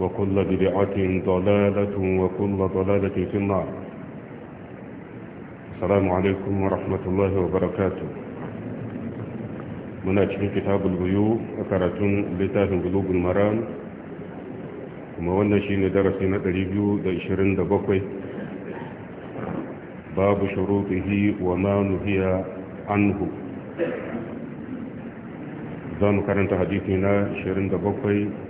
وكل بدعة ضلالة وكل ضلالة في النار السلام عليكم ورحمة الله وبركاته من أجل كتاب الغيو أكارتون لتاه قلوب المرام وما ونشي ندرس تريبيو دا إشرين دا بقوي باب شروطه وما نهي عنه زانو كارنت حديثنا إشرين دا بقوي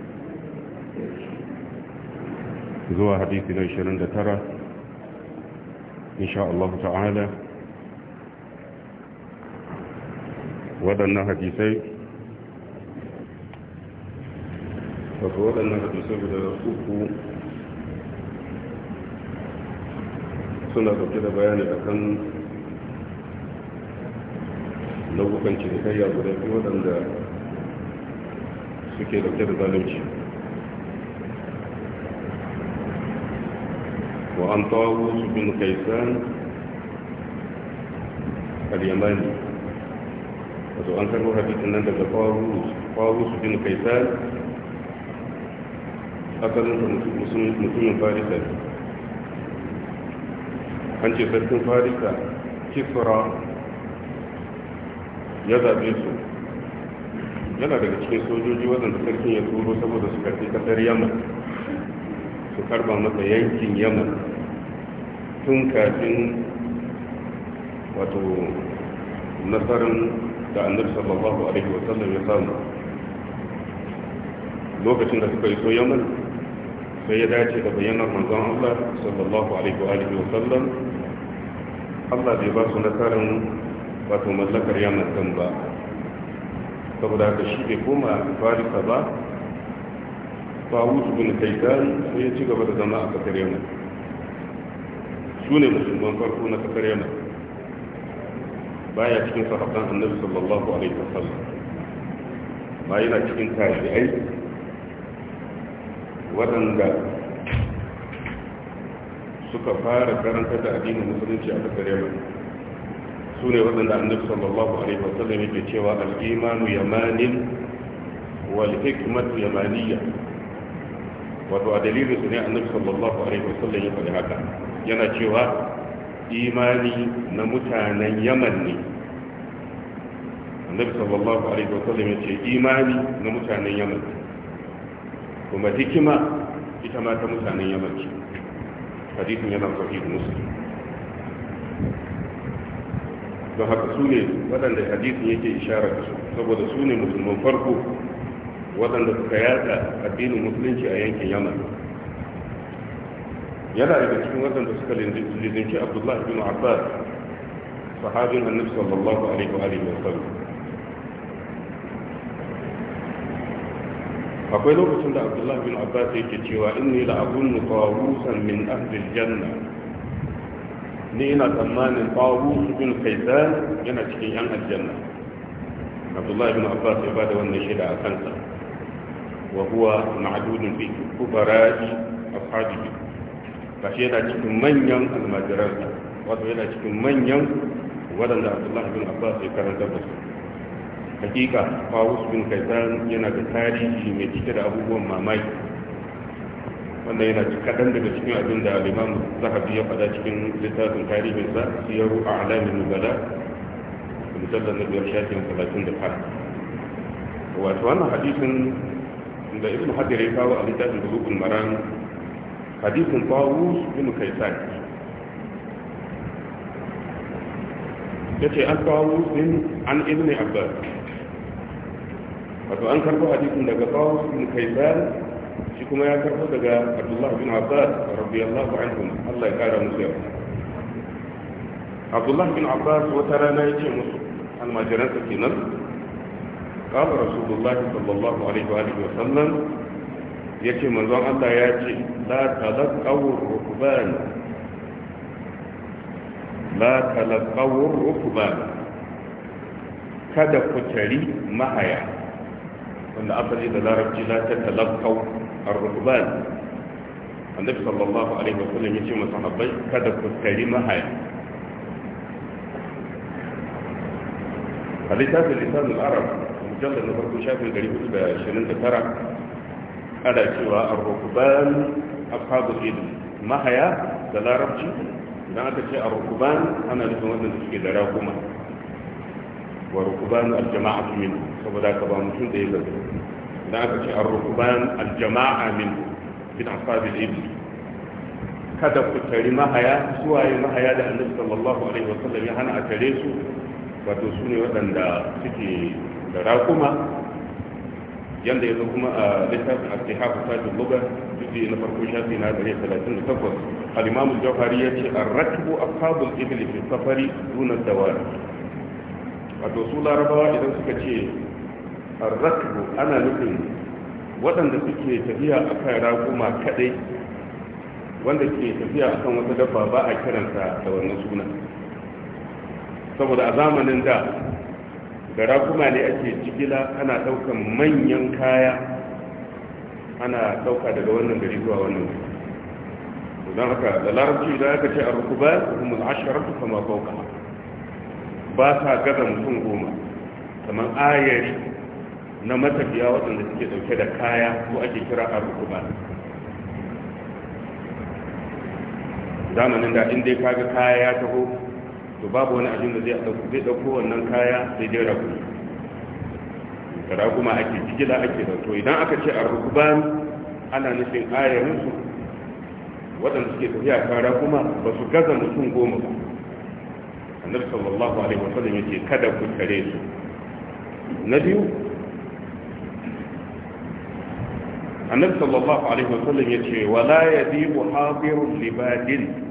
zuwa hadisi na 29 insha Allah ta'ala waɗannan hadisai wasu waɗannan hadisai da uku suna ɗauke da bayani akan nau'ukan cinikayya guda biyu waɗanda suke ɗauke da zalunci وعن طاووس بن كيسان اليماني وعن حديث النبي طاووس طاووس بن كيسان أكل مسلم فارسا an ce sarkin er er farisa kisra ya zaɓe su yana daga cikin sojoji waɗanda sarkin ya turo saboda su karfi ƙasar yaman su karba masa yankin yamma tun kafin wato nasarar da annabi sallallahu alaihi wa sallam ya samu lokacin da suka iso yaman sai ya dace da bayanar manzon Allah sallallahu alaihi wa alihi wa sallam Allah bai ba su nasarar wato mallakar yaman kan ba saboda haka shi bai koma farisa ba wuce bin kaitan sai ya ci gaba da zama a kasar yaman su ne musulman farko na kasar yaman baya cikin sahabban annabi sallallahu alaihi wa sallam ba yana cikin tabi'ai waɗanda suka fara karanta da addinin musulunci a kasar yaman su ne waɗanda annabi sallallahu alaihi wa wasallam yake cewa al-imanu yamanin wal hikmatu yamaniyya wato a dalilin su ne annabi sallallahu alaihi wa sallam ya faɗi haka yana cewa imani na mutanen yaman ne annabi sallallahu alaihi wa sallam ce imani na mutanen yaman kuma hikima ita ma ta mutanen yaman ce hadisin yana sahih muslim don haka su ne waɗanda hadisin yake isharar su saboda su ne musulman farko waɗanda suka yada addinin musulunci a yankin yaman yana daga cikin waɗanda suka lizinci abdullahi bin abbas sahabin annabi sallallahu alaihi wa alihi wasallam akwai lokacin da abdullahi bin abbas yake cewa inni la abunnu tawusan min ahli janna ni ina tsammanin tawus bin kaisan yana cikin yan aljanna abdullahi bin abbas ya bada wannan shaida a kansa wa huwa ma'dudun bi kubara'i ashabihi kashi yana cikin manyan almajiran wato yana cikin manyan waɗanda abdullahi bin abbas ya karanta da su hakika fawus bin kaitan yana da tarihi mai cike da abubuwan mamaki wanda yana kaɗan daga cikin abin da al'imam zahabi ya faɗa cikin littafin tarihinsa siyaru a alamin nubala musallar na biyar shafin talatin da fara wato wannan hadisin da ibn hadir ya kawo a littafin bulukun maran hadisin tawus bin kaisan ce an tawus bin an ibn abbas wato an karɓo hadisin daga tawus bin kaisan shi kuma ya karɓo daga Abdullahi bin abbas radiyallahu anhu Allah ya kara musu yau Abdullahi bin abbas wata rana ce musu almajiransa kenan قال رسول sallallahu alaihi wa عليه وآله وسلم ya ce manzon Allah ya ce la talaqawur rukban la talaqawur rukban kada ku tari mahaya wanda asali da larabci la ta talaqaw ar-rukban annabi sallallahu alaihi wasallam ya ce masahabbai kada ku tari mahaya a littafin lisan al-arab mujallal na farko shafin 429 ana cewa ar-rukban ashabul ilm mahaya da larabci idan aka ce ar-rukban ana nufin wanda suke da rakuma wa rukban aljama'a jamaa min saboda ka ba mutum da yake idan aka ce ar-rukban al-jama'a min bin ashabul ilm kada ku tare mahaya suwaye mahaya da annabi sallallahu alaihi wasallam ya hana a tare su wato su ne waɗanda suke da rakuma yanda ya zo kuma a littafin al-tihafu tajul lugha juzi na farko shafi na 138 al-imam al-jawhari yace ar-rakbu ashabul ibli fi safari da dawar wato su larabawa idan suka ce ar-rakbu ana nufin waɗanda suke tafiya a akan raguma kaɗai, wanda ke tafiya akan wata dabba ba a kiransa da wannan suna saboda a zamanin da da rakuma ne ake jigila ana daukan manyan kaya ana dauka daga wannan gari zuwa wannan gari don haka da larabci da aka ce a rukuba kuma al'asharatu kama fauka ba sa gaza mutum goma kamar ayari na matafiya waɗanda suke dauke da kaya ko ake kira a ba. zamanin da inda ya kaga kaya ya taho to babu wani abin da zai ɗauko wannan kaya sai dai ragu raguma ake jigila ake da to idan aka ce a rukuban ana nufin ayarinsu waɗanda suke tafiya kan raguma ba su gaza mutum goma ba annabi sallallahu alaihi wasallam yake kada ku tare su na biyu annabi sallallahu alaihi wasallam yace wala yadibu hadirun libadin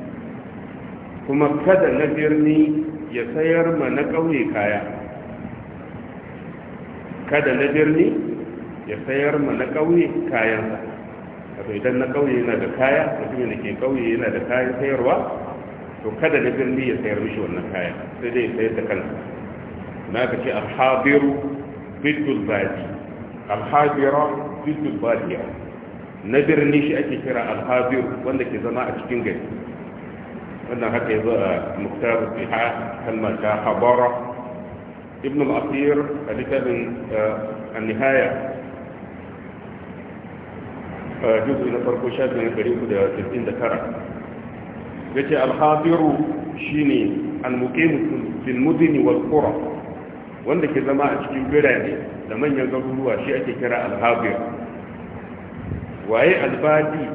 kuma kada na birni ya sayar ma na ƙauye kaya kada na birni ya sayar ma na ƙauye kayansa wato idan na ƙauye yana da kaya mutum da ke ƙauye yana da kayan sayarwa to kada na birni ya sayar mishi wannan kaya sai dai ya sayar da kansa na ka ce alhabiru bidul badi alhabira bidul badiya na birni shi ake kira alhabiru wanda ke zama a cikin gari أن هذه مختار فيها كما حضارة ابن الأخير اللي كان آه، النهاية آه، جزء من الفرقوشات من الفريق ده تلتين ذكرة يتي الحاضر شيني المقيم في المدن والقرى وأن كذا أشكي براني لمن يقول هو شيء كرا الحاضر وهي البادي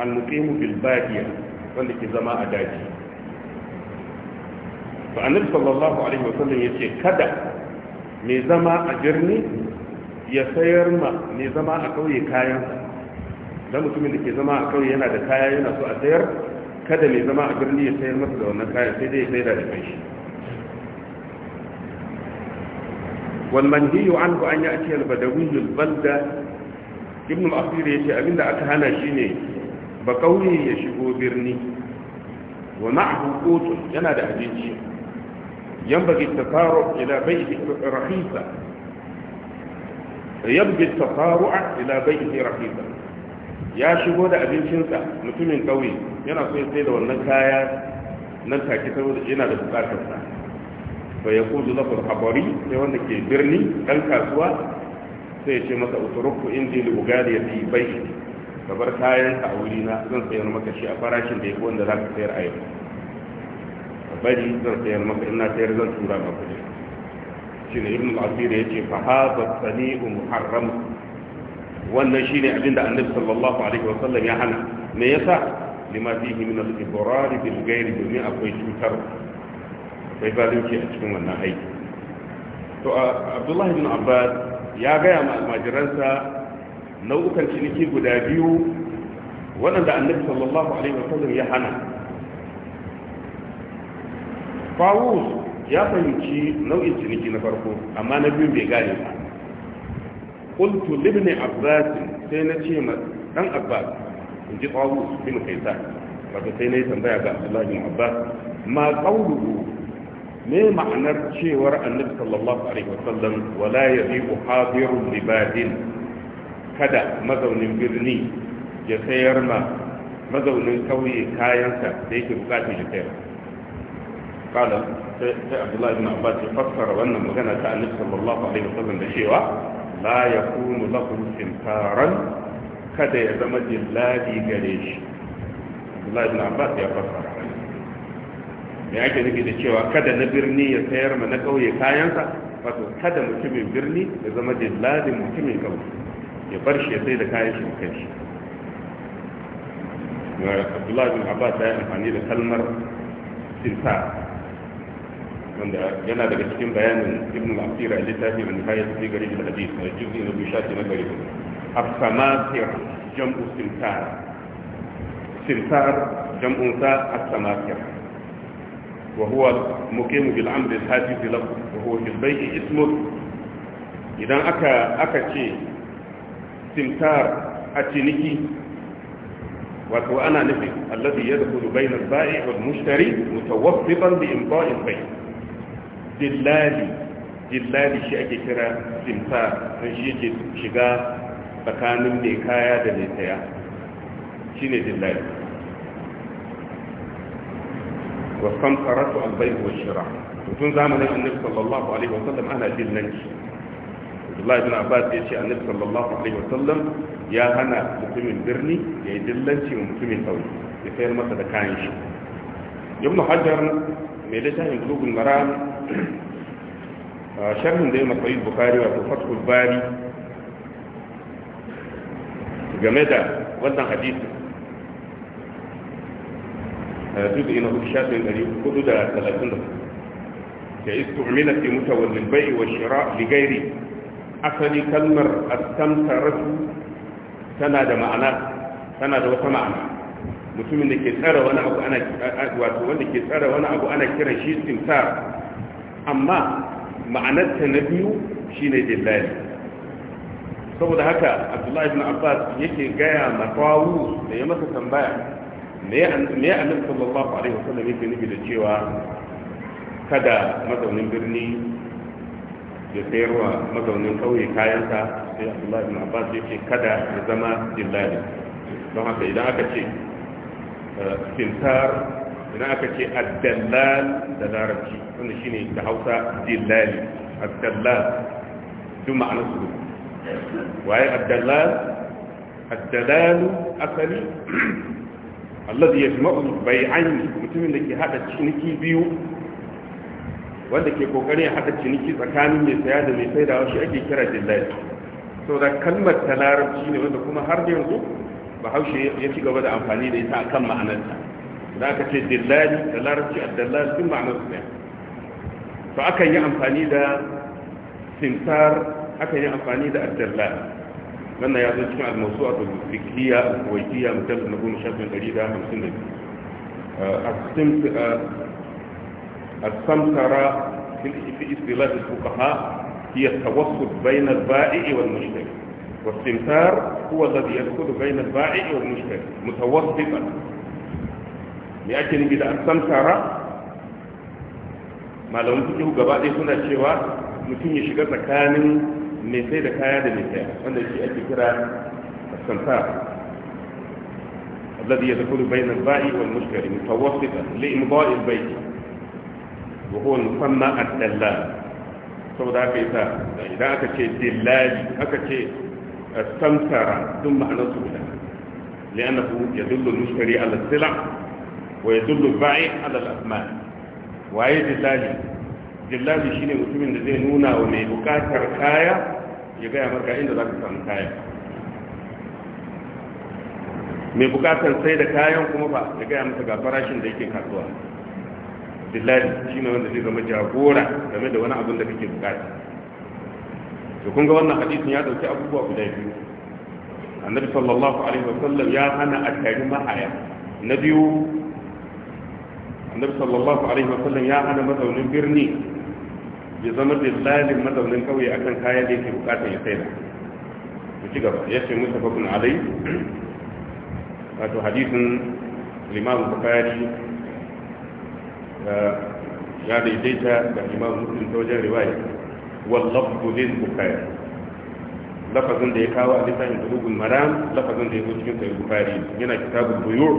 المقيم في الباديه wanda ke zama a daji ba annabi sallallahu alaihi wasallam ya ce kada mai zama a birni ya sayar ma mai zama a kauye kayan dan mutumin da ke zama a kauye yana da kaya yana so a sayar kada mai zama a birni ya sayar masa da wannan kayan sai dai ya sayar da Wannan wal an anhu an ya'ti al badawi al balda ibn al ya ce abinda aka hana shi ne. ba kauye ya shigo birni wa ma'ahu qutun yana da abinci yanbaghi tafaru ila bayti rahisa yabghi tafaru ila bayti rahisa ya shigo da abincinsa mutumin kauye yana so ya sai da wannan kaya nan take saboda yana da bukatar sa fa yaqulu lahu al-habari sai wanda ke birni dan kasuwa sai ya ce masa uturuku indi li ugadi fi bayti ka bar kayanka a wuri na zan sayar maka shi a farashin da ya wanda za ka sayar a yau ka bari zan sayar maka ina sayar zan tura ma kuɗi shi ne ibn al-asir ya ce fa hadha sani'u muharram wannan shine abinda annabi sallallahu alaihi wa sallam ya hana me yasa lima fihi min al-ibrar bil ghairi domin akwai cutar akwai zalunci a cikin wannan aiki to abdullahi Ibn abbas ya gaya ma almajiransa nau'ukan ciniki guda biyu waɗanda annabi sallallahu alaihi wasallam ya hana fawus ya fahimci nau'in ciniki na farko amma na biyu bai gane ba qultu libni abbas sai na ce ma dan abbas in ji fawus bin kaisa wato sai na yi tambaya ga abdullahi bin abbas ma qawluhu me ma'anar cewar annabi sallallahu alaihi wasallam wala yabi'u hadirun libadin kada mazaunin birni ya sayar ma mazaunin kauye kayansa da yake bukatun ya sayar kada sai abdullahi ibn abbas ya fassara wannan magana ta annabi sallallahu alaihi wasallam da cewa la yakunu lakum sintaran kada ya zama jilladi gare shi abdullahi ibn abbas ya fassara me yake nufi da cewa kada na birni ya sayar ma na kauye kayansa wato kada mutumin birni ya zama jilladin mutumin kauye ya bar shi ya sai da kayan shi kan shi abdullahi bin abbas ya amfani da kalmar sinta wanda yana daga cikin bayanin ibn al-asir a littafi a nihayar fi gari da hadis a jirgin na bishati na gari absamatir jam'u sintar sintar jam'un sa absamatir وهو مقيم بالعمد الحاجز له وهو في البيت اسمه إذا أكا أكا شيء istimkar a ciniki wato ana nufin allazi ya zafi bainar ba'i wal mushtari mutawaffifan bi imba'in bai dillali dillali shi ake kira simtar don shi yake shiga tsakanin mai kaya da mai saya shine dillali wasan karatu albai wa shira tun zamanin annabi sallallahu alaihi wasallam ana dillanci عبد الله بن عباس يشي النبي صلى الله عليه وسلم يا هنا مسلم برني يا دلنتي ومقيم الهوي يفير ما تتكاينش كان يشي حجر ميلتا من قلوب المرام شرح دائما قريب بخاري وفتح الباري جمدا وطن حديث جزء من الشاشة الذي يقول لها ثلاثون كإذ تعملت متول للبيع والشراء لغيره asali kalmar astamtaratu tana da ma'ana tana da wata ma'ana mutumin da ke tsara wani abu ana wato wanda ke tsara wani abu ana kiran shi istimtar amma ma'anarta na biyu shine dillali saboda haka abdullahi ibn abbas yake gaya matawu da ya masa tambaya me ya annabi sallallahu alaihi wasallam yake nufi da cewa kada mazaunin birni ya sayarwa mazaunin kauye kayansa sai abdullahi bin abbas ya ce kada ya zama dillali don haka idan aka ce eh, sintar idan aka ce addallal da larabci wanda shine da hausa dillali addallal duk ma'anar su waye addallal addalalu asali allazi yajma'u bai'ain mutumin da ke hada ciniki biyu wanda ke kokarin haɗa ciniki tsakanin mai saya da mai da shi ake kira dillali so da kalmar ta larabci ne wanda kuma har yanzu bahaushe ya ci gaba da amfani da ita akan ma'anarta da aka ce dillali da larabci a dillali sun ma'anar su to akan yi amfani da simtar akan yi amfani da addallal wannan ya zo cikin almasu a tulfikiyya kuwaitiyya mutum na goma shafin ɗari da hamsin da biyu uh, السمسرة في اصطلاح الفقهاء هي التوسط بين البائع والمشتري والسمسار هو الذي يدخل بين البائع والمشتري متوسطا لأجل بدأ السمسرة ما لو أنت تقول قبائل هنا الشواء ممكن يشكر كامل من سيدة كامل من سيدة وأنا أشياء تكرا السمسار الذي يدخل بين البائع والمشتري متوسطا لإمضاء البيت wa huwa musamma ad-dallal saboda haka yasa idan aka ce dillali aka ce samsara duk ma'anar su guda li'annahu yadullu al-mushtari ala al-sila' wa ya al-ba'i ala al-asma' waye dillali dillali ne mutumin da zai nuna wa mai bukatar kaya ya gaya maka inda za ka samu kaya mai bukatar sai da kayan kuma ba ya gaya masa ga farashin da yake kasuwa billahi ne wanda zai zama jagora game da wani abin da kake bukata to kun ga wannan hadisin ya dauki abubuwa guda biyu annabi sallallahu alaihi wasallam ya hana a tari mahaya na biyu annabi sallallahu alaihi wasallam ya hana mazaunin birni ya zama dillalin mazaunin kauye akan kayan da yake bukata ya da ku ci gaba ya ce musa fakun alai wato hadisin limam bukari ya daidaita da imam muslim ta wajen riwaya wallafzu lil bukhari lafazin da ya kawo a littafin bulugul maram lafazin da ya zo cikin sahih bukhari yana kitabul buyu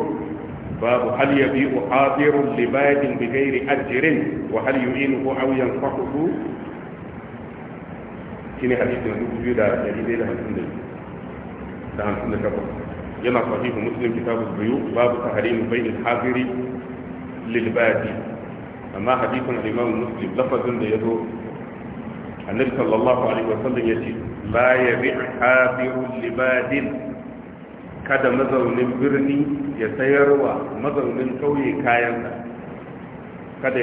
babu hal yabi'u hadirun li badin bi ghairi ajrin wa hal yu'inuhu aw yanfahu shine hadisi na dubu biyu da dari ɗaya da hamsin da da hamsin da takwas yana sahihu muslim kitabul buyu babu tahrimu bainal hadiri lil badi amma hadisin al-imam muslim lafazin da yazo annabi sallallahu alaihi wasallam yace la yabi' hafiru libadin kada mazaunin birni ya sayarwa mazaunin kauye kayansa kada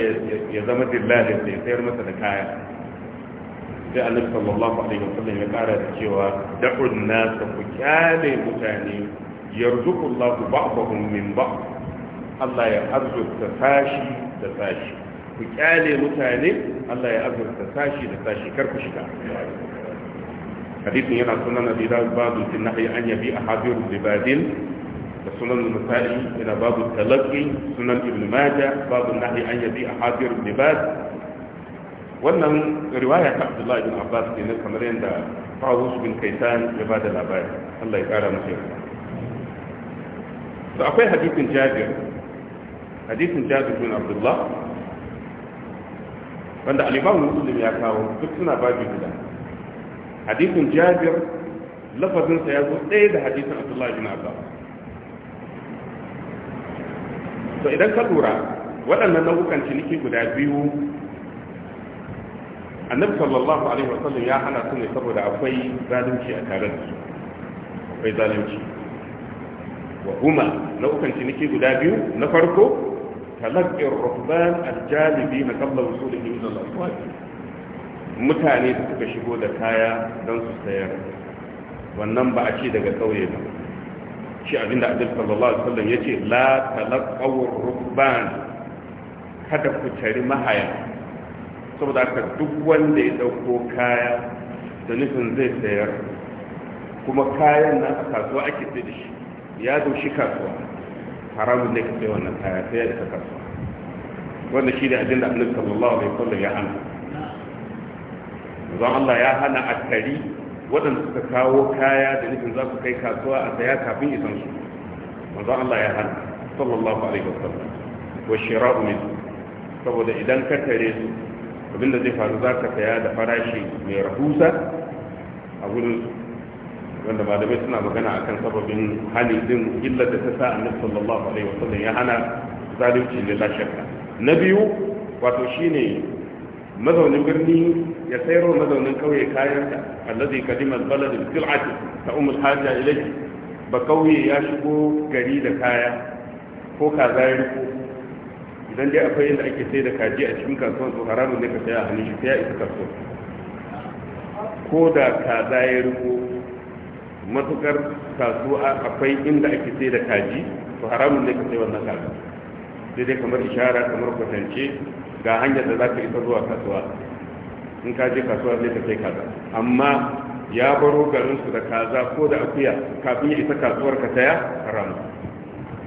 ya zama dillalin da ya sayar masa da kaya sai annabi sallallahu alaihi wasallam ya kara da cewa da'un nas ku kyale mutane yarzuqullahu ba'dahum min ba'd Allah ya arzuta sashi da sashi ku kyale mutane Allah ya azurta tashi da tashi kar ku shiga hadithin yana sunan abi da babu tin nahi an yabi ahadir ribadin da sunan musali yana babu talaqi sunan ibnu majah babu nahi an yabi ahadir ribad wannan riwaya ta Abdullah ibn Abbas ne kamar yanda Fawus bin Kaitan ya bada labari Allah ya kara masa yarda to akwai hadithin Jabir hadithin Jabir bin Abdullah wanda alimamu muslim ya kawo duk suna babu guda hadisin jabir lafazinsa ya zo ɗaya da hadisin abdullahi bin abbas to idan ka lura waɗannan nau'ukan ciniki guda biyu annabi sallallahu alaihi wasallam ya hana su ne saboda akwai zalunci a tare da su akwai zalunci wa huma nau'ukan ciniki guda biyu na farko تلقي الرهبان الجالبين قبل وصوله من الأسواق mutane da suka shigo da kaya don su sayar wannan ba a ce daga kauye ba shi abinda abin sallallahu alaihi wasallam yace la talaqawur rukban kada ku tari mahaya saboda haka duk wanda ya dauko kaya da nufin zai sayar kuma kayan nan a kasuwa ake sai da shi ya shi kasuwa haramun ne ka sai wannan kaya sai ya isa kasuwa wanda shi da abin da annabi sallallahu alaihi wasallam ya hana zan Allah ya hana a akari waɗanda suka kawo kaya da nufin za su kai kasuwa a saya kafin isan su manzon Allah ya hana sallallahu alaihi wasallam wa shira'u min saboda idan ka tare su abinda zai faru za ka saya da farashi mai rahusa a gurin wanda malamai suna magana akan sababin hali din illar da ta sa annabi sallallahu alaihi wasallam ya hana zalunci ne la na biyu wato shine mazaunin birni ya sayarwa mazaunin kauye kayansa allazi kadima albalad bil'ati ta umar haja ilayhi ba kauye ya shigo gari da kaya ko kaza idan dai akwai yadda ake sai da kaji a cikin kasuwan su haramun ne ka saya a hannun shi sai ya isa kasuwa ko da kaza ya matukar kasuwa akwai inda ake sai da kaji to haramun ne ka sai wannan kaji sai dai kamar ishara kamar kwatance ga hanyar da za ka isa zuwa kasuwa in ka je kasuwa ne ka sai kaza amma ya baro garin su da kaza ko da akuya kafin ya isa kasuwar ka taya haram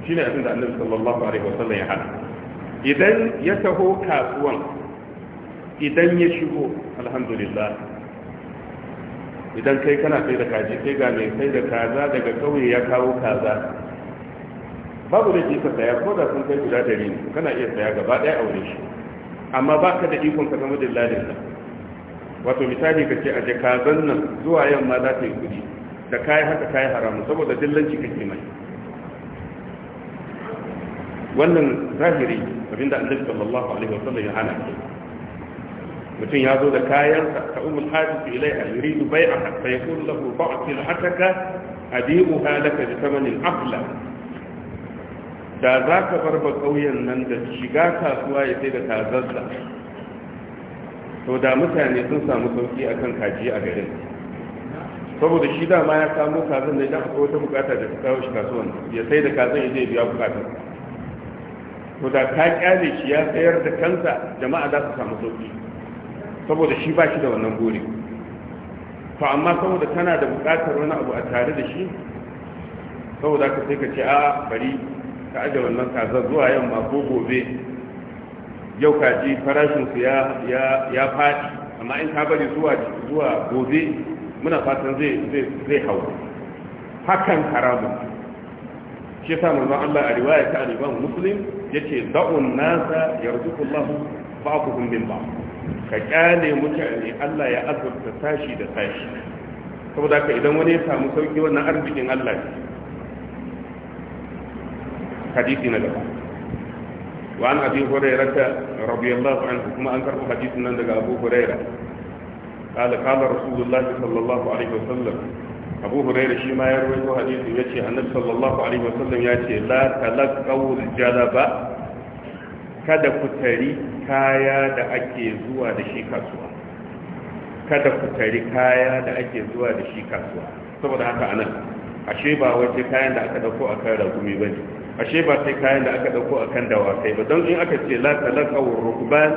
shine abin da annabi sallallahu alaihi wasallam ya hana idan ya taho kasuwan idan ya shigo alhamdulillah idan kai kana sai da kaji sai ga mai sai da kaza daga kauye ya kawo kaza babu da jika saya ko da sun kai guda dari ne kana iya saya gaba ɗaya aure shi amma ba ka da ikon ka zama dillalin sa wato misali ka ce a je kazan nan zuwa yamma za ta yi kuɗi da kayi haka kayi haramu saboda dillanci kake mai wannan zahiri abinda annabi sallallahu alaihi wasallam ya hana mutum ya zo da kayansa ka umul hajjatu ilaiha yuridu bai'aha fa yaqulu lahu ba'til hataka abi'uha laka bi thamanil afla da za ka bar ba kauyen nan da shiga kasuwa ya sai da tazazza to da mutane sun samu sauki akan kaji a garin saboda shi ma ya kamo kazan da idan akwai wata bukata da ta kawo shi kasuwan ya sai da kazan ya zai biya bukatar to da ka kyale shi ya tsayar da kansa jama'a za su samu sauki saboda shi ba shi da wannan gori to amma saboda tana da buƙatar wani abu a tare da shi saboda ka sai ka ce a bari ka aje wannan kaza zuwa yamma ko gobe yau ka ji farashinsu ya ya ya faɗi amma in ka bari zuwa zuwa gobe muna fatan zai zai zai hau hakan haramun shi sa manzon Allah a riwaya ta al-Imam Muslim yace da'un nasa yarzuqullahu ba'dhum min ba'd ka kyale mutane Allah ya azurta tashi da tashi saboda ka idan wani ya samu sauki wannan arzikin Allah ne hadisi na gaba wa an abi hurairah radiyallahu anhu kuma an karɓi hadisin nan daga Abu Hurairah قال قال رسول الله صلى الله عليه وسلم أبو هريرة شيما يروي حديث يأتي النبي صلى الله عليه وسلم يأتي لا تلقوا الجلبة kada ku tari kaya da ake zuwa da shi kasuwa kada ku tari kaya da ake zuwa da shi kasuwa saboda haka anan ashe ba wace kayan da aka dauko akan ragumi ne. ashe ba sai kayan da aka dauko akan dawakai ba don in aka ce la wa rukban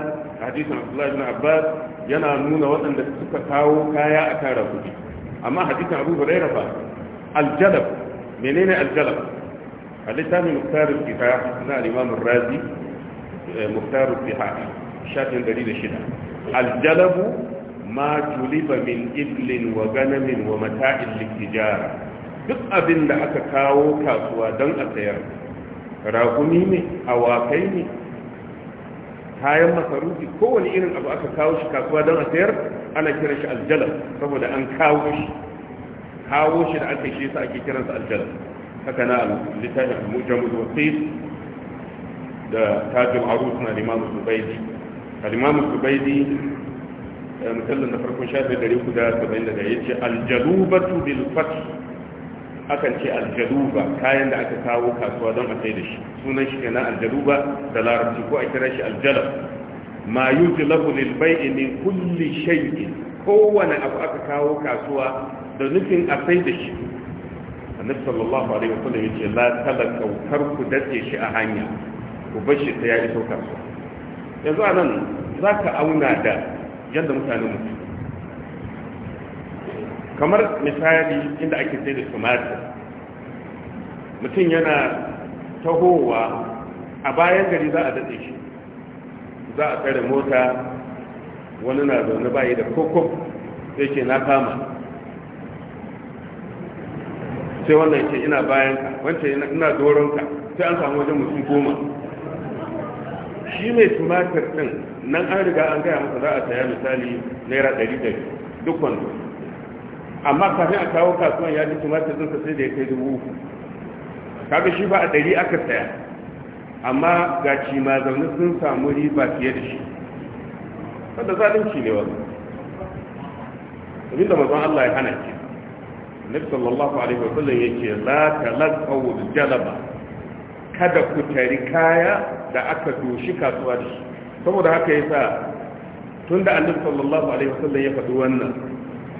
hadisin Abdullah ibn Abbas yana nuna waɗanda suka kawo kaya akan ragumi amma hadisi Abu Hurairah fa aljalab menene aljalab a littafin muktarin kitab na al-Imam Razi Eh, muktaru bihari shafin 106 aljalabu ma tuliba min iblin wa ganamin wa mata'in littijara duk abin da aka kawo kasuwa don a sayar rakumi ne awakai ne kayan masarufi kowane irin abu aka kawo shi kasuwa don a sayar ana kiran shi aljalab saboda an kawo shi kawo shi da aka shi sa ake kiransa aljalab haka na littafin mujammul wasis da tajul arus na limamu zubaidi alimamu zubaidi eh, musallin na farkon shafi da riku da saba'in daga ya ce aljalubatu bil fath akan ce aljaluba kayan da aka kawo kasuwa don a sai da shi sunan shi kenan aljaluba da larabci ko a kira shi aljalab ma yujlabu lil bai'i min kulli shay'in kowane abu aka kawo kasuwa da nufin a sai da shi annabi sallallahu alaihi wasallam yace la talaqaw karku dace shi a hanya ku bar shi ta ya iso kasuwa yanzu a nan za ka auna da yadda mutane mutu kamar misali inda ake sai da tumatir mutum yana tahowa a bayan gari za a daɗe shi za a tsare mota wani na zaune bayi da kokok. sai ke na kama sai wannan ke ina bayan ka wancan ina doron ka sai an samu wajen mutum goma shi mai tumatir ɗin nan an riga an gaya masa za a saya misali naira ɗari da duk wanda amma kafin a kawo kasuwan ya ji tumatir ɗinsa sai da ya kai dubu uku kafin shi ba a ɗari aka saya amma ga ci ma zaune sun samu riba fiye da shi wanda zalunci ne wanda abinda mazan Allah ya hana ki nabi sallallahu alaihi sallam yake la talaqaw jalaba kada ku tari kaya da aka doshi kasuwa da shi saboda haka yasa tun da annabi sallallahu alaihi wasallam ya faɗi wannan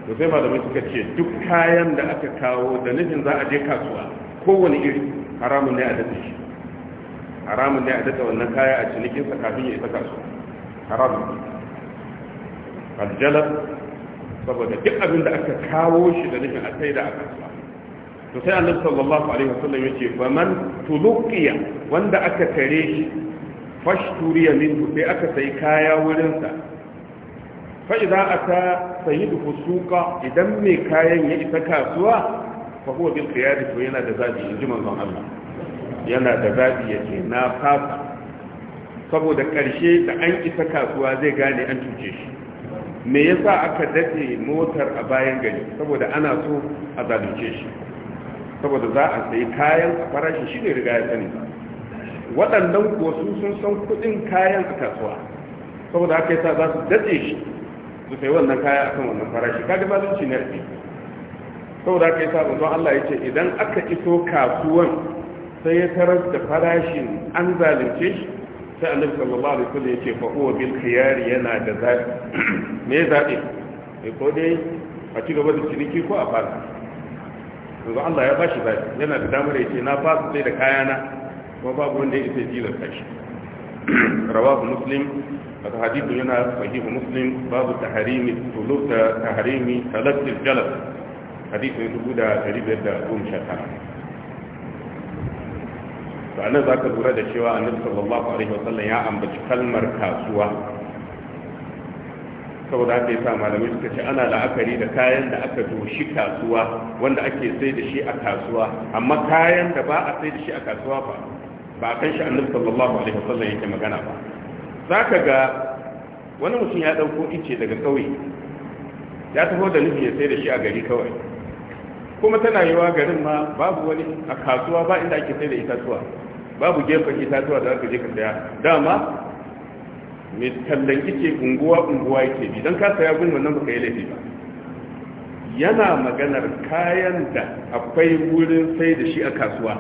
to sai malamai suka ce duk kayan da aka kawo da nufin za a je kasuwa kowane iri haramun ne a dace shi haramun ne a dace wannan kaya a cinikin sa kafin ya isa kasuwa haramun aljalar saboda duk abin da aka kawo shi da nufin a sai da a kasuwa to sai annabi sallallahu alaihi wasallam yace fa man tuluqiya wanda aka tare shi fashturiya minhu sai aka sai kaya wurin sa fa idza ata sayyidu suqa idan mai kayan ya isa kasuwa fa huwa bil qiyadi to yana da zabi inji manzon Allah yana da zabi yace na fasa saboda karshe da an isa kasuwa zai gane an tuce shi me yasa aka dace motar a bayan gari saboda ana so a zalunce shi saboda za a sayi kayan a farashin shi ne riga ya sani waɗannan kosu sun san kuɗin kayan a kasuwa saboda haka yasa za su daɗe shi su sai wannan kaya kan wannan farashi kaga zalunci ne ake saboda haka yasa manzon Allah ya ce idan aka iso kasuwan sai ya tarar da farashin an zalunce shi sai annabi sallallahu alaihi wasallam ya ce fa huwa bil khiyar yana da zabi me zabi eh, ko dai a ci gaba da ciniki ko a fara yanzu Allah ya bashi zafi yana da damar ya ce na fasu sai da kayana kuma babu wanda ya isa jilar kashi rawahu muslim a hadithu yana sahihu muslim babu taharimi tuluta taharimi talatil jalas hadithu ya dubu da dari biyar da goma sha tara to anan za ka lura da cewa annabi sallallahu alaihi wasallam ya ambaci kalmar kasuwa saboda haka yasa malamai suka ce ana la'akari da kayan da aka doshi kasuwa wanda ake sai da shi a kasuwa amma kayan da ba a sai da shi a kasuwa ba ba a kan shi annabi sallallahu alaihi wasallam yake magana ba Za ka ga wani mutum ya dauko ice daga kauye ya taho da nufi ya sai da shi a gari kawai kuma tana yiwa garin ma babu wani a kasuwa ba inda ake sai da itatuwa babu gefen itatuwa da aka je ka saya dama mai tallan yake unguwa unguwa yake bi don ka saya gun wannan baka yi laifi ba yana maganar kayan da akwai wurin sai da shi a kasuwa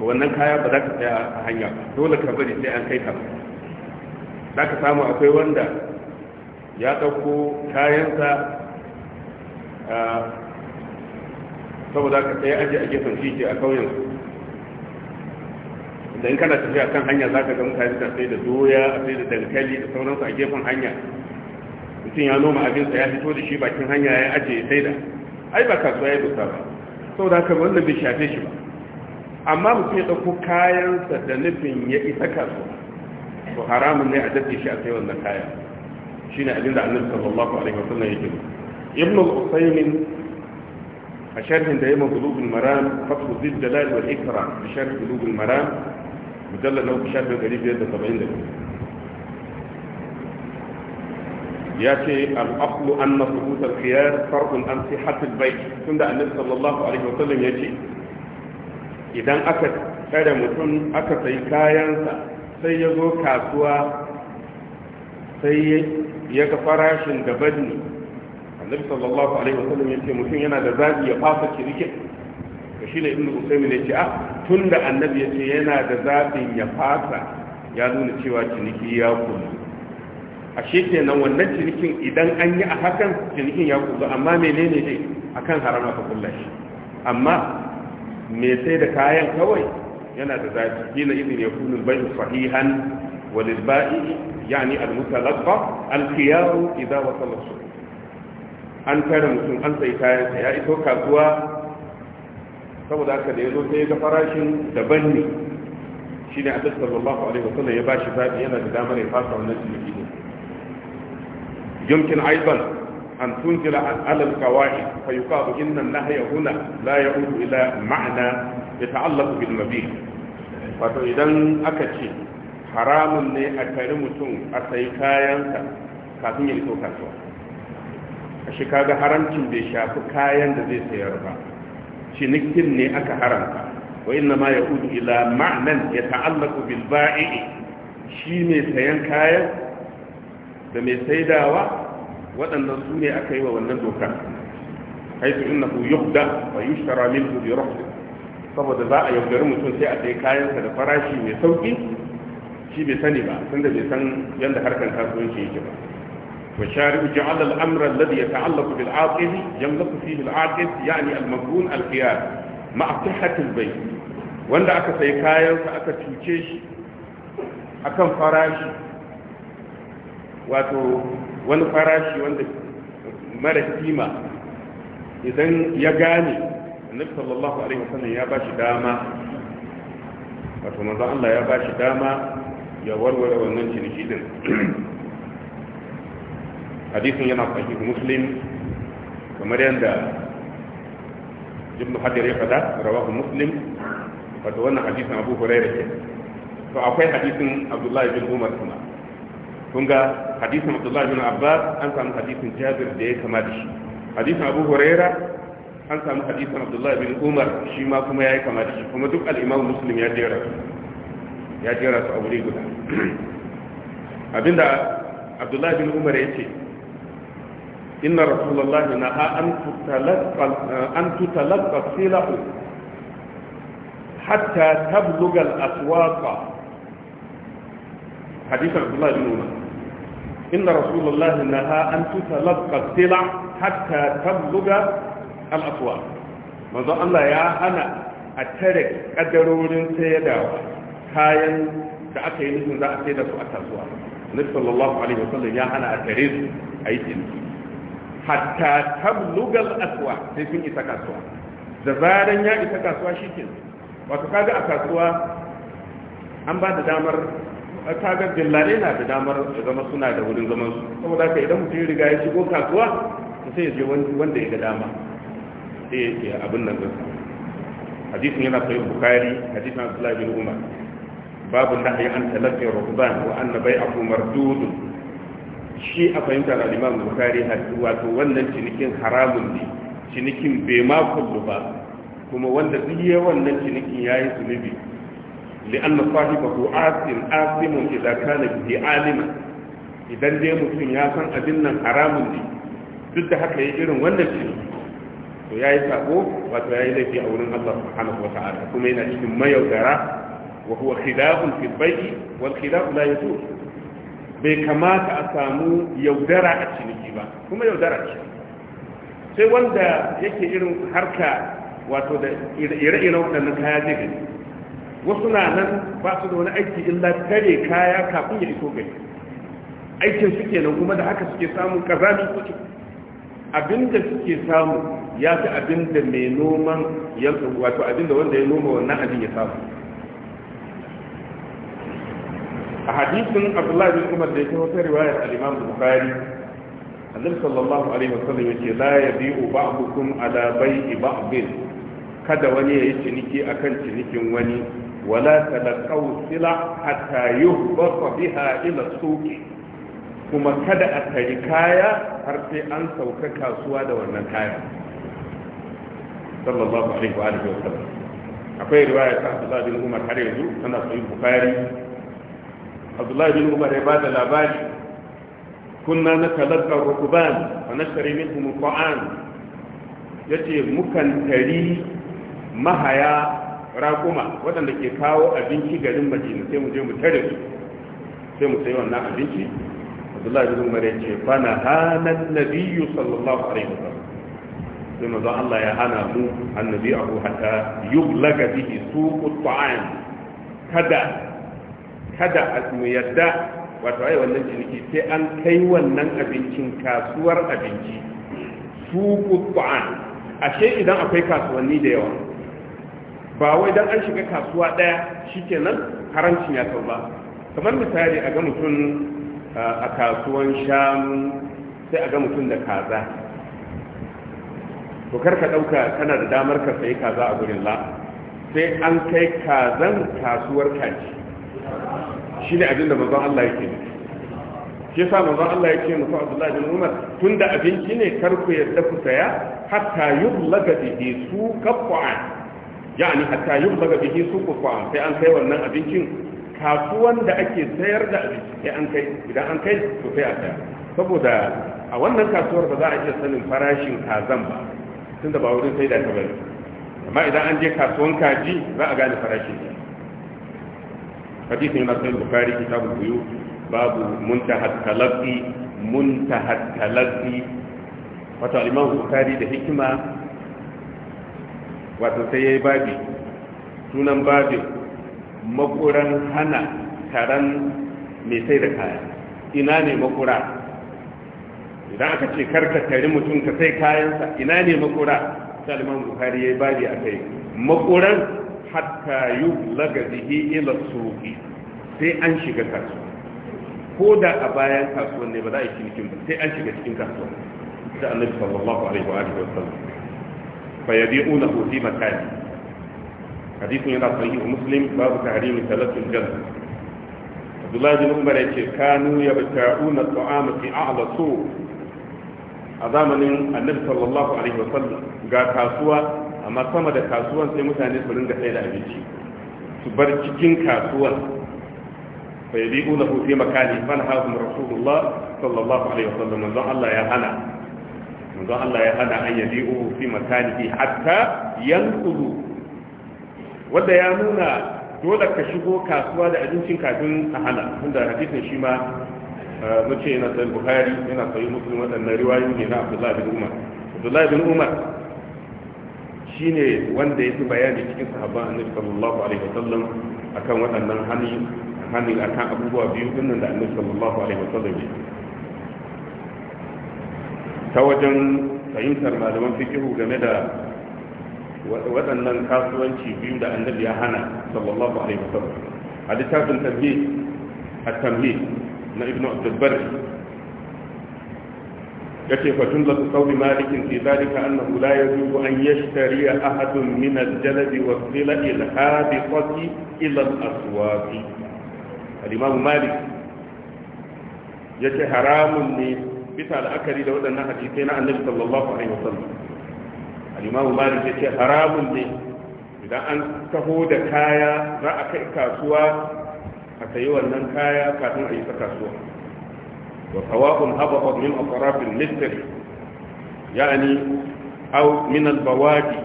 wannan kaya ba za ka tsaya a hanya dole ka bari sai an kai ka za ka samu akwai wanda ya ɗauko kayansa ah, saboda ka tsaye aji a gefen shi ke a kauyensu da in kana tafiya kan hanya za ka ga mutane da da doya a sai da dankali da sauransu a gefen hanya mutum ya noma abinsa ya fito da shi bakin hanya ya ajiye sai da ai ba kasuwa ya dosa ba sau da kan wannan bai shafe shi ba amma mutum ya ɗauko kayansa da nufin ya isa kasuwa to haramun ne a dace shi a sai wannan kaya shi ne abin da annabi sallallahu alaihi wasallam ya ibn al-usaymin a sharhin da ya mabulugul maram fatu zid dalal wal ikram bi sharh bulugul maram mujallar na uku shafin gari biyar da saba'in da biyu ya ce al'aqlu anna thubut al-khiyar farkon an sihat al-bayt tunda annabi sallallahu alaihi wa sallam ya ce idan aka tsare mutum aka sayi kayansa sai ya zo kasuwa sai ya ga farashin da badni annabi sallallahu alaihi wa sallam ya ce mutum yana da zaɓi ya fasa cirikin shi ne ibn usaimi ne ce ah tun da annabi ya ce yana da zaɓin ya fasa ya nuna cewa ciniki ya kullu a kenan wannan cinikin idan an yi a hakan cinikin ya kulu amma menene ne kan haram aka kulla shi amma me sai da kayan kawai yana da zaɓi na izini ya kudu bai fahihan walil ba'i yani al-mutalaqqa al-khiyar idza wasala an tare mutum an sai kayan ya iso kasuwa saboda haka da ya zo sai ga farashin daban ne shi ne annabi sallallahu alaihi sallam ya bashi zabi yana da damar ya fasa wannan ciniki ne yankin aidan an tunzila ala alqawaid fa yuqalu inna na haya huna la ya'udu ila ma'ana ma'na yata'allaqu bil mabih wato idan aka ce haramun ne a kari mutum a sayi kayansa kafin ya iso kasuwa a shi kaga haramcin bai shafi kayan da zai sayar ba cinikin ne aka haramta wa inna ma ya kudu ila ma'anan ya ta'allaku bil ba'i shi ne sayan kayan da mai saidawa waɗannan su ne aka yi wa wannan doka haitu ku yubda wa yushtara minhu bi rahmi saboda za a yaudari mutum sai a sai kayansa da farashi mai sauki shi bai sani ba tunda bai san yadda harkar kasuwanci yake ba وشارب جعل الامر الذي يتعلق بالعاقل يملك فيه العاقل يعني المجنون القيام مع صحه البيت وند اكا سيكايا اكا تشوتشي اكا فراش واتو وند فراشي وند مرسيما اذا يجاني النبي صلى الله عليه وسلم يا باشي داما واتو الله يا باشي داما يا ورور ونجي نشيدن hadisin yana sahih muslim kamar yadda ibn hajar ya fada rawahu muslim wato wannan hadisin abu hurairah ke to akwai hadisin abdullahi bin umar kuma kun ga hadisin abdullahi bin abbas an samu hadisin jabir da ya kama da shi hadisin abu hurairah an samu hadisin abdullahi bin umar shi ma kuma ya yi kama da shi kuma duk al'imam muslim ya jera su ya jera su a wuri guda abinda abdullahi bin umar ya ce إن رسول الله نهى أن تتلقى أن الصلة حتى تبلغ الأسواق حديث عبد الله بن عمر إن رسول الله نهى أن تتلقى السلع حتى تبلغ الأسواق ماذا أن يا أنا أترك قدرور سيدا هايا تأتي نسل ذا أسيدة أسواق نبي صلى الله عليه وسلم يا أنا أترك أي سنسل. hatta tablugal aswa sai sun isa kasuwa da zaran ya isa kasuwa shi ke wato kaga a kasuwa an ba da damar kagar jillare na da damar zama suna da wurin zaman su saboda ka idan mutum riga ya shigo kasuwa ta sai ya je wanda ya ga dama sai ya ke abin nan zai hadisin yana sahih bukari hadisin abdullahi bin umar babu nahyi an talafin rukban wa anna abu mardudun shi a fahimtar al-imam bukari wato wannan cinikin haramun ne cinikin bai ma kullu ba kuma wanda duk wannan cinikin ya yayi zunubi li'anna sahibahu asim asimun idan kana bi alima idan dai mutum ya san abin nan haramun ne duk da haka yi irin wannan ciniki to ya yi sabo wato ya yi laifi a wurin Allah subhanahu wa ta'ala kuma yana cikin mayaudara wa huwa khida'un fil bai'i wal khida'u la yatub bai kamata a samu yaudara a ciniki ba kuma yaudara ce sai wanda yake irin harka wato da ire-iren waɗannan kaya zai gani wasu na nan ba su da wani aiki illa tare kaya kafin ya iso gari aikin su kenan kuma da haka suke samun kazami Abin abinda suke samu ya fi abinda mai noman wato abinda wanda ya noma wannan abin ya samu a hadisin abdullahi bin umar da yake wata riwayar al-imam bukhari annabi sallallahu alaihi wasallam yake la yabi'u ba'dukum ala bai'i ba'din kada wani yayi ciniki akan cinikin wani wala talaqaw sila hatta yuhbata biha ila suqi kuma kada a tari kaya har sai an sauka kasuwa da wannan kaya sallallahu alaihi wa sallam akwai riwaya ta Abdullah bin Umar har yanzu tana sahih Bukhari abdullahi bin umar ya bada labari kunna na talakar rukuban a nashari min humukwa'an ya ce mukan tari mahaya raƙuma waɗanda ke kawo abinci garin madina sai mu je mu tare su sai mu sayi wannan abinci abdullahi bin umar ya ce fana hanan nabiyyu sallallahu alaihi wa wasallam sai manzon Allah ya hana mu annabi abu hatta yublaga bihi su ta'am kada kada a mu yadda wato ai wannan ciniki sai an kai wannan abincin kasuwar abinci su ta'an ashe idan akwai kasuwanni da yawa ba wai dan an shiga kasuwa daya shikenan harancin ya kau ba kamar misali a ga mutum a kasuwan shanu sai a ga mutum da kaza to ka dauka kana da damar ka sayi kaza a gurin la sai an kai kazan kasuwar kaji shi abin abinda mazan Allah yake ne shi sa mazan Allah yake nufi Abdullahi bin Umar tun da abinci ne kar ku dafu ku saya hatta da ke su kafa'a yani hatta da ke su kafa'a sai an kai wannan abincin kasuwan da ake sayar da abinci sai an kai idan an kai to sai a saya saboda a wannan kasuwar ba za a iya sanin farashin kazan ba da ba wurin sai da ta bari amma idan an je kasuwan kaji za a gane farashin hadisin yana sahih bukhari kitabul buyu babu muntahat talaqi muntahat talaqi wato da hikima wato sai yayi babi sunan babin makuran hana taran mai sai da kaya ina ne makura idan aka ce karka tari mutum ka sai kayansa ina ne makura sai al ya bukhari yayi a akai makuran hatta yublaga bihi ila suqi sai an shiga kasuwa ko da a bayan kasuwa ne ba za a yi cinikin ba sai an shiga cikin kasuwa da annabi sallallahu alaihi wa alihi wasallam fa makani hadithun yana muslim babu tahrim salatul janna Abdullah bin Umar yace kanu yabta'una ta'ama fi a'la suq a zamanin annabi sallallahu alaihi wasallam ga kasuwa amma sama da kasuwan sai mutane su ringa sai da abinci su bar cikin kasuwar. fa yabi'unahu fi makani fan hazum rasulullah sallallahu alaihi wasallam manzon Allah ya hana manzon Allah ya hana an yabi'u fi makani hatta yanqudu wanda ya nuna dole ka shigo kasuwa da abincin kafin ka hana tunda hadisin shi ma Eh, mun ce yana sahih Buhari yana sahih muslim wadannan riwayoyi ne na abdullahi bin umar abdullahi bin umar shi ne wanda ya fi bayani cikin sahabban annabi sallallahu alaihi wasallam akan waɗannan hani hani akan abubuwa biyu din da annabi sallallahu alaihi wasallam ya ta wajen fahimtar malaman fikihu game da waɗannan kasuwanci biyu da annabi ya hana sallallahu alaihi wasallam a littafin tamhid a tamhid na ibn abdulbar ya ce fatun da su sauri malikin fi zalika annahu la yajuzu an yashtari ahadun min al-jalabi wa sila al-habiqati ila al-aswaqi al-imam malik yace haramun ne bisa la'akari da waɗannan hadisai na annabi sallallahu alaihi wasallam al-imam malik yace haramun ne idan an taho da kaya za a kai kasuwa a sayi wannan kaya kafin a yi ta kasuwa wa sawa'un hababat min atrafil listir yani aw min al-bawadi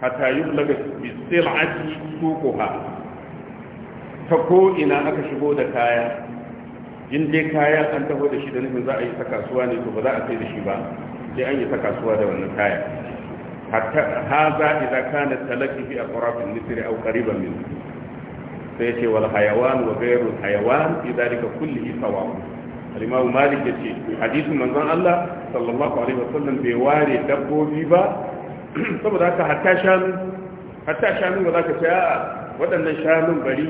hatta yublaga bi sil'ati suquha ta ko ina aka shigo da kaya in dai kaya an taho da shi da nufin za a yi ta kasuwa ne to ba za a sai da shi ba sai an yi ta kasuwa da wannan kaya hatta haza idza kana talaqi fi atrafil listir aw qariban min? sai ce wal hayawan wa ghairu hayawan fi dalika kullihi sawa'un al-imam malik yace hadisin manzon Allah sallallahu alaihi wasallam bai ware dabbobi ba saboda haka hatta shanu hatta shanu ba za ka ce a waɗannan shanun bari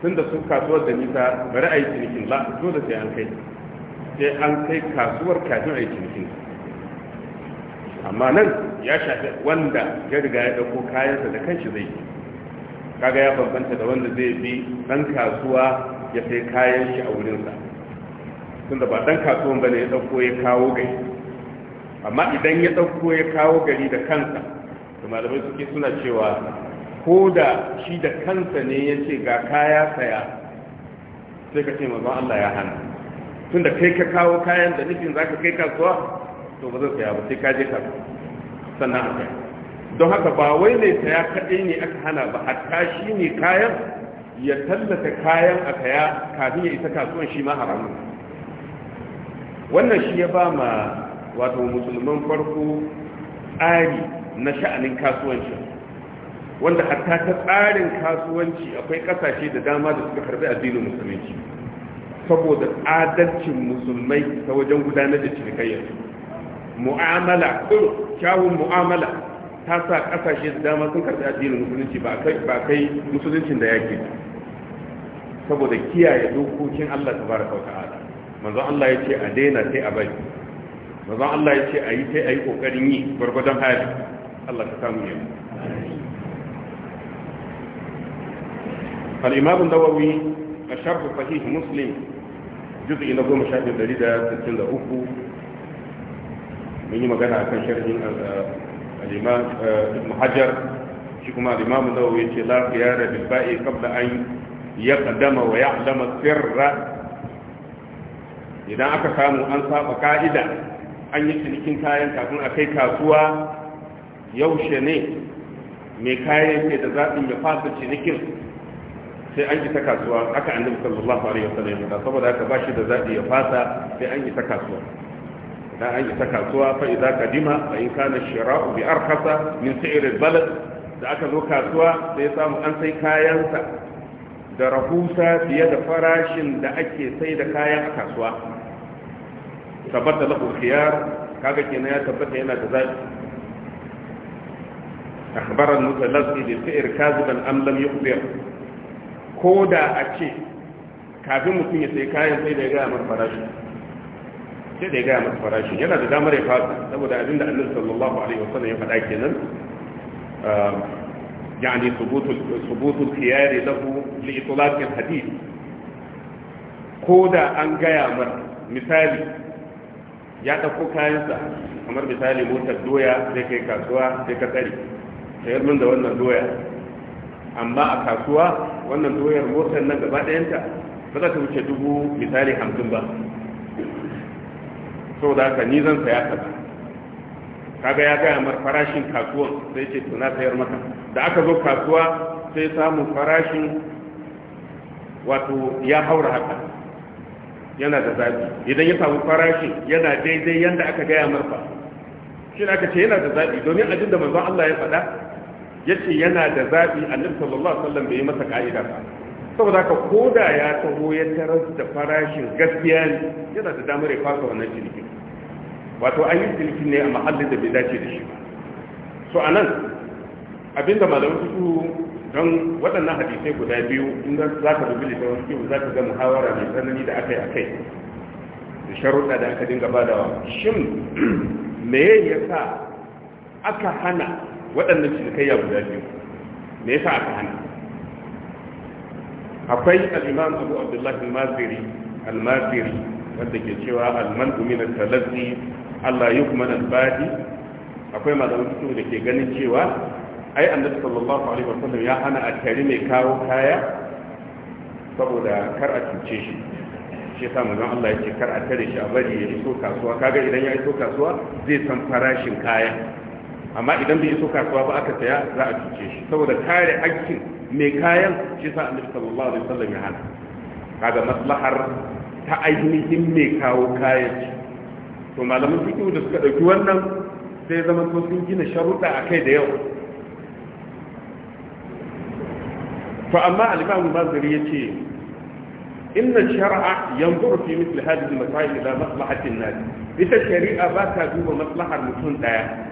Tunda sun kasuwar da nisa bari a yi cinikin la so da sai an kai sai an kai kasuwar kafin a yi cinikin amma nan ya shafi wanda ya riga ya dauko kayansa da kanshi zai yi kaga ya bambanta da wanda zai bi dan kasuwa ya sai kayan shi a wurinsa tunda ba dan kasuwan bane ya dauko ya kawo gari amma idan ya dauko ya kawo gari da kansa to malamai suke suna cewa ko da shi da kansa ne ya ce ga kaya saya sai ka ce mazan Allah ya hana tunda kai ka kawo kayan da nufin za ka kai kasuwa to ba zai saya ba sai ka je kasuwa sannan a kai don haka ba wai ne saya kaɗai ne aka hana ba hatta shi ne kayan ya tallata kayan a kaya kafin ya isa kasuwan shi ma haramun wannan shi ya ba ma wato musulman farko tsari na sha'anin kasuwanci wanda hatta ta tsarin kasuwanci akwai ƙasashe da dama da suka karbi addinin musulunci saboda adalcin musulmai ta wajen gudanar da cinikayyar mu'amala kyawun mu'amala ta sa kasashe da dama sun karbi addinin musulunci ba kai musuluncin da yake saboda kiyaye dokokin Allah tabaraka wa ta'ala manzon Allah ya ce a daina sai a bari manzon Allah ya ce a yi sai a yi kokarin yi gwargwadon hali Allah ka samu yau al-imam a nawawi a sharh sahih ina goma na 10 da 63 mun yi magana a akan sharhin uh, al-imam ibn hajar shi kuma al-imam nawawi yace la ya rabi ba'i qabla an yaqdama wa ya'lama sirra idan aka samu an saba ka'ida an yi cinikin kayan kafin a kai kasuwa yaushe ne mai kayan ke da zaɓin ya fasa cinikin sai an isa kasuwa aka annabi sallallahu alaihi wasallam saboda haka ba shi da zaɓi ya fasa sai an isa kasuwa dan an isa kasuwa fa idza qadima fa in kana shira'u bi arkhasa min sa'ir al-balad da aka zo kasuwa sai samu an sai kayansa da rahusa fiye da farashin da ake sai da kayan a kasuwa tabbata lahu khiyar kaga kenan ya tabbata yana da zabi akhbara al-mutalaqi bi sa'ir kaziban am lam yukhbir koda a ce kafin mutum ya sai kayan sai da ya ga mar farashin sai da ya gaya masa farashi, yana da damar ya fasa saboda abin da annabi sallallahu alaihi wasallam ya faɗa kenan um, yani subutul subutul khiyari lahu li itlaq al hadith ko da an gaya masa misali ya dauko kayansa kamar misali motar doya sai kai kasuwa sai ka tsari sayar min da wannan doya amma a kasuwa wannan doyar motar nan gaba ɗayanta ba za ta wuce dubu misali hamsin ba saboda haka ni zan saya kaza kaga ya gaya mar farashin kasuwa sai ce to na sayar maka da aka zo kasuwa sai samun farashin wato ya haura haka yana da zafi idan ya samu farashin yana daidai yadda aka gaya marfa shi aka ce yana da zafi domin abinda manzon Allah ya faɗa yace yana da zafi annabi sallallahu alaihi wasallam bai yi masa ka'ida ba saboda ka koda ya taho ya tarar da farashin gaskiya ne yana da damar ya fasa wannan cinikin wato an yi jirgin ne a mahallin da bai dace da shi ba so a nan abinda malamin su don waɗannan hadisai guda biyu inda za ka dubi littafin su za ka ga muhawara mai tsanani da aka yi akai da sharuɗa da aka dinga badawa shin me ya sa aka hana waɗannan cinikayya guda biyu me ya sa aka hana akwai al-imam abu abdullah al-maziri al-maziri wanda ke cewa al-man'u min al-talazzi Allah yukman al-badi akwai malamin fito da ke ganin cewa ai annabi sallallahu alaihi wasallam ya hana a tare mai kawo kaya saboda kar a cuce shi shi yasa manzon Allah yake kar a tare shi a bari ya iso kasuwa kaga idan ya iso kasuwa zai san farashin kaya amma idan bai iso kasuwa ba aka saya za a cuce shi saboda kare hakkin mai kayan shi sa annabi sallallahu alaihi wasallam ya hana kaga maslahar ta ainihin mai kawo kayan to malaman fiqh da suka dauki wannan sai zaman to sun gina sharuɗa akai da yau to amma al-imam Maziri yace inna shar'a yanzuru fi mithl hadhihi al-masail ila maslahati an-nas ita shari'a ba ta duba maslahar mutum daya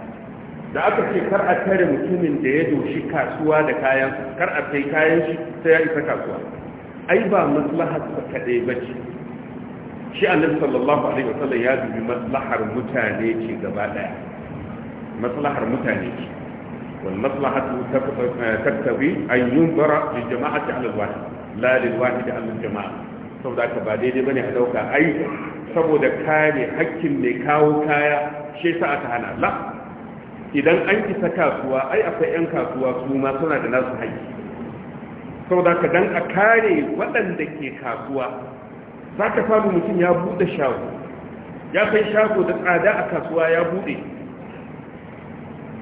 da aka ce kar a tare mutumin da ya doshi kasuwa da kayan kar a sai kayan shi sai ya isa kasuwa ai ba maslahar sa ba ce. shi annabi sallallahu alaihi wasallam ya dubi maslahar mutane ce gaba daya maslahar mutane ce wal maslahatu eh, taktabi an yunzara li jama'ati ala al-wahid la lil wahid ala al-jama'a saboda ka ba daidai bane a dauka ai saboda kare hakkin mai kawo kaya shi sa aka hana la idan an isa kasuwa ai akwai 'yan kasuwa su ma suna da nasu haƙƙi saboda ka dan a kare waɗanda ke kasuwa za ka samu mutum ya buɗe shago ya kai shago da tsada a kasuwa ya buɗe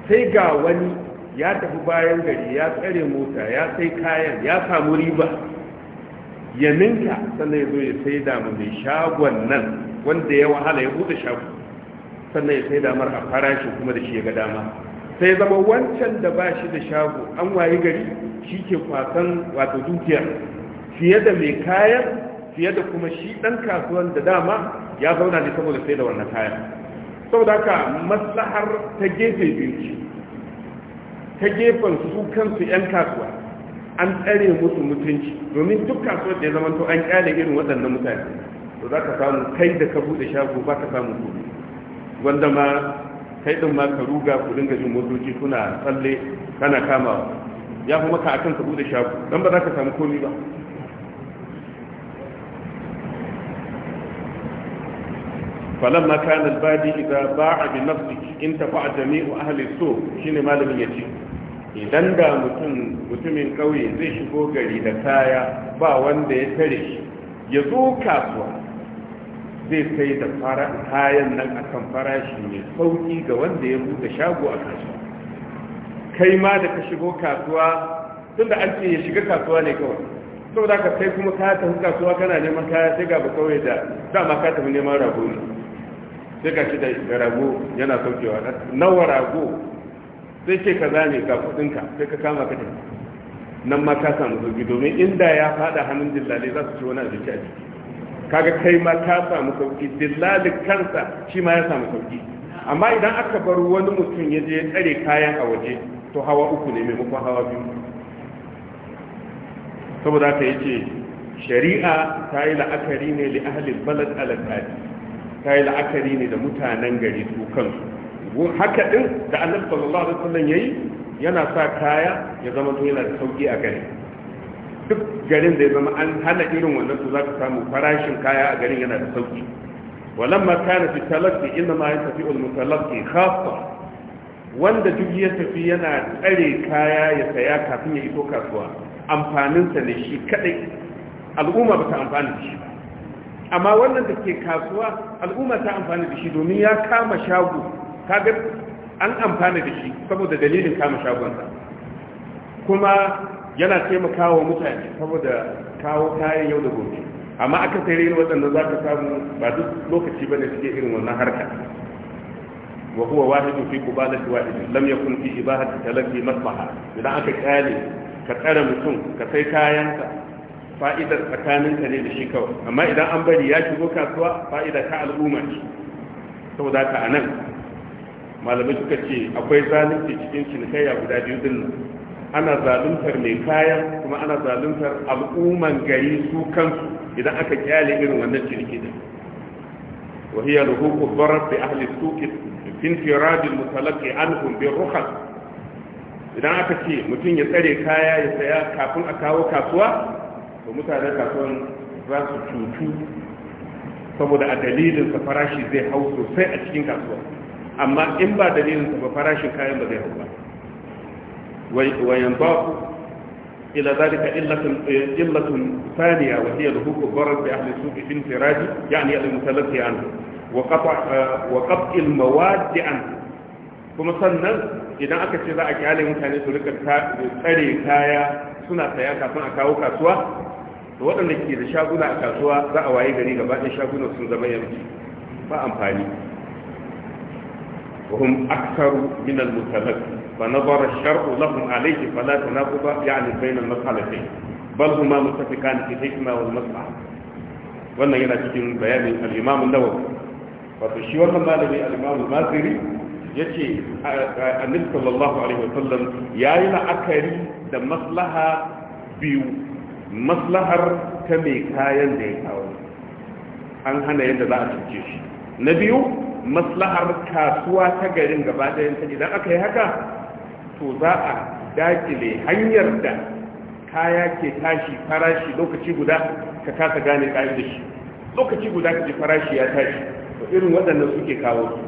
sai ga wani ya tafi bayan gari ya tsare mota ya sai kayan ya samu riba ya ninka sannan ya zo ya sai damu mai shagon nan wanda ya wahala ya buɗe shago sannan ya sai damar a farashi kuma da shi ya ga dama sai zama wancan da ba shi da shago an wayi gari shi ke kwasan wato dukiyar fiye da mai kayan fiye da kuma shi ɗan kasuwan da dama ya zauna ne saboda sai da wannan kayan saboda haka maslahar ta gefe biyu ta gefen su kansu 'yan kasuwa an tsare musu mutunci domin duk kasuwar da ya zama to an kyale irin waɗannan mutane to za ka samu kai da ka buɗe shago ba ka samu kuɗi wanda ma kai din ma ka ruga ku dinga jin motoci suna tsalle kana kamawa ya fi maka akan ka da shago dan ba za ka samu komi ba فلما كان البادي إذا باع بنفسه انتفع جميع jami'u shi ne shine ya ce. idan da mutumin ƙauye zai shigo gari da kaya ba wanda ya tare shi ya zo kasuwa zai sai da kayan nan a kan farashi mai sauki ga wanda ya buɗe shago a kasuwa kai ma da ka shigo kasuwa tun da an ce ya shiga kasuwa ne kawai saboda ka kai kuma ka tafi kasuwa kana neman kaya sai ga kawai da dama ka tafi neman rago ne sai ka shi da rago yana saukewa nawa rago sai ce ka zane ga kudinka sai ka kama ka tafi nan ma ka samu sauki domin inda ya faɗa hannun dillale za su ci wani abinci a jiki kaga kai ma ka samu sauki dillali kansa shi ma ya samu sauki amma idan aka bar wani mutum ya je ya tsare kayan a waje to hawa uku ne maimakon hawa biyu saboda yi yace shari'a ta yi la'akari ne li ahli balad ala ta yi la'akari ne da mutanen gari su kansu haka din da annabi sallallahu alaihi wasallam yayi yana sa kaya ya zama to yana da sauki a gari duk garin da ya zama an hana irin wannan su za ka samu farashin kaya a garin yana da sauki walamma kana fi talaqi inna ma yantafi al mutalaqi khassa wanda duk ya tafi yana tsare kaya ya saya kafin ya iso kasuwa amfaninsa ne shi kadai al'umma ba ta amfana da shi ba amma wannan da ke kasuwa al'umma ta amfana da shi domin ya kama shago kaga an amfana da shi saboda dalilin kama shagonsa kuma yana taimakawa mutane saboda kawo kayan yau da gobe amma aka tare waɗanda za ka samu ba duk lokaci ba ne suke irin wannan harka wa huwa wahidu fi qubalati wahid lam yakun fi ibahati talafi maslaha idan aka kyale ka tsare mutum ka sai ka fa'idar tsakaninka ne da shi kawai amma idan an bari ya shigo kasuwa fa'ida ka al'umma ce saboda ka anan malamai suka ce akwai zalunci cikin cinikayya guda biyu din ana zaluntar mai kayan kuma ana zaluntar al'umman gari su kansu idan aka kyale irin wannan jirgin ciniki din وهي لهوك الضرر بأهل السوق في انفراد المتلقي عنهم بالرخص idan aka ce mutum ya tsare kaya ya saya kafin a kawo kasuwa to mutanen kasuwan za su cutu saboda a dalilinsa farashi zai hau sosai a cikin kasuwa amma in ba dalilinsa ba farashin kayan ba zai hau ba وينضاف إلى ذلك إلة ثانية وهي لهوك الضرر بأهل السوق في انفراد يعني المتلقي عنه وقطع وقطع المواد عنه كما صنع إذا أكثر إذا أكالي ممكن أن يتلقى تاري كايا سنة تايا كافن أكاو كاسوا وطن لكي إذا شاكونا أكاسوا دعوائي غريقة بعد شاكونا سنزم يمشي فأمحاني وهم أكثر من المتلقي Bana nazara shar'u lahum alayhi fala tanaquba yani bayna al-mas'alatayn bal huma muttafiqan fi hikma wal maslaha wannan yana cikin bayanin al-imam an shi wannan malami al-imam al-maziri yace annabi sallallahu alaihi yayi la'akari da maslaha biyu maslahar ta mai kayan da ya kawo an hana yadda za a cuce shi na biyu maslahar kasuwa ta garin gaba ɗayan ta idan aka yi haka to za a dakile hanyar da kaya ke tashi farashi lokaci guda ka kasa gane ƙa'idar shi lokaci guda ka ji farashi ya tashi to irin waɗannan suke kawo su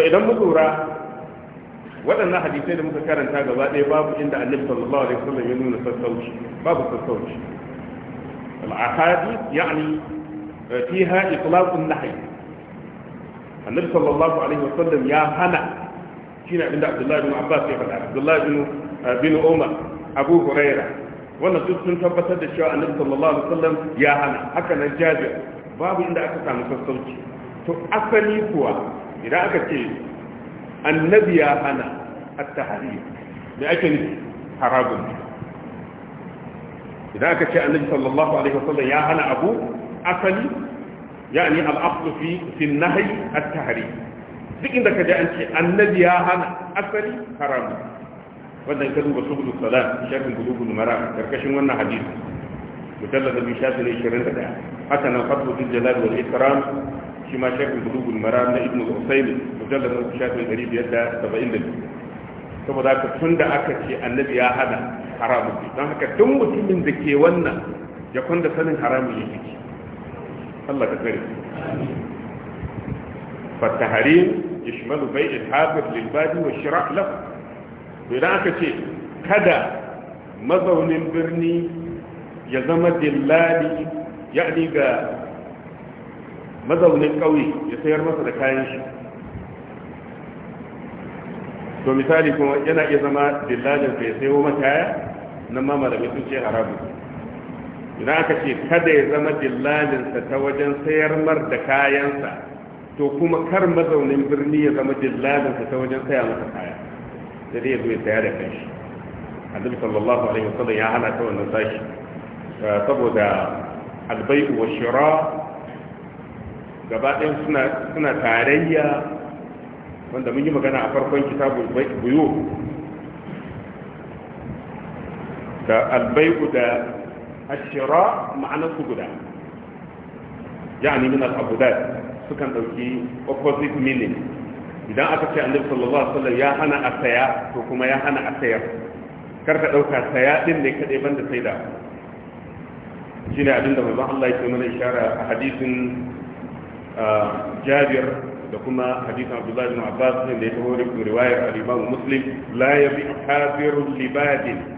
to idan mu lura waɗannan hadisai da muka karanta gaba ɗaya babu inda annabi sallallahu alaihi wasallam ya nuna sassauci babu sassauci al-ahadith yani fiha itlaqun nahy annabi sallallahu alaihi wasallam ya hana shine abinda abdullahi bin abbas ya faɗa abdullahi bin eh, bin umar abu huraira wannan duk sun tabbatar da cewa annabi sallallahu alaihi wasallam ya hana haka nan jabir babu inda aka samu sassauci to asali kuwa idan aka ce annabi ya hana at-tahrim me ake nufi haragun idan aka ce annabi sallallahu alaihi wasallam ya hana abu asali yani al'aqdu fi fi nahyi at duk inda kaje an ce annabi ya hana asali haram wannan ka duba subul salat shafin bulugul maram karkashin wannan hadisi mujallad bi shafin 21 haka nan fatu bil jalal wal ikram shi ma shafin bulugul maram na ibnu usaymi mujallad bi shafin 572 saboda haka tunda aka ce annabi ya hana haramun don haka duk mutumin da ke wannan ya sanin الله تبارك فالتحريم يشمل بيع الحافظ للبادي والشراء له بلاك شيء كذا مظهر البرني يزم دلالي يعني ذا مظهر القوي يسير مظهر كاينش ومثالي كما ينا يزم دلالي فيسير ومتايا نمام لم يتوشي عربي idan aka ce kada ya zama dillalinsa ta wajen sayar mar da kayansa to kuma kar mazaunin birni ya zama dillalinsa ta wajen saya masa kaya da zai zo ya saya da kanshi annabi sallallahu alaihi wasallam ya hana ta wannan sashi saboda albai'u wa shira gaba ɗaya suna suna tarayya wanda mun yi magana a farkon kitabul buyu da albai'u da ashira ma'anar guda yani min al-abudat sukan dauki opposite meaning idan aka ce annabi sallallahu alaihi ya hana a saya to kuma ya hana a sayar kar ka dauka saya ɗin ne kadai banda sai da shine abin da manzon Allah yake mana ishara a hadisin Jabir da kuma hadisin Abdullah ibn Abbas da libadin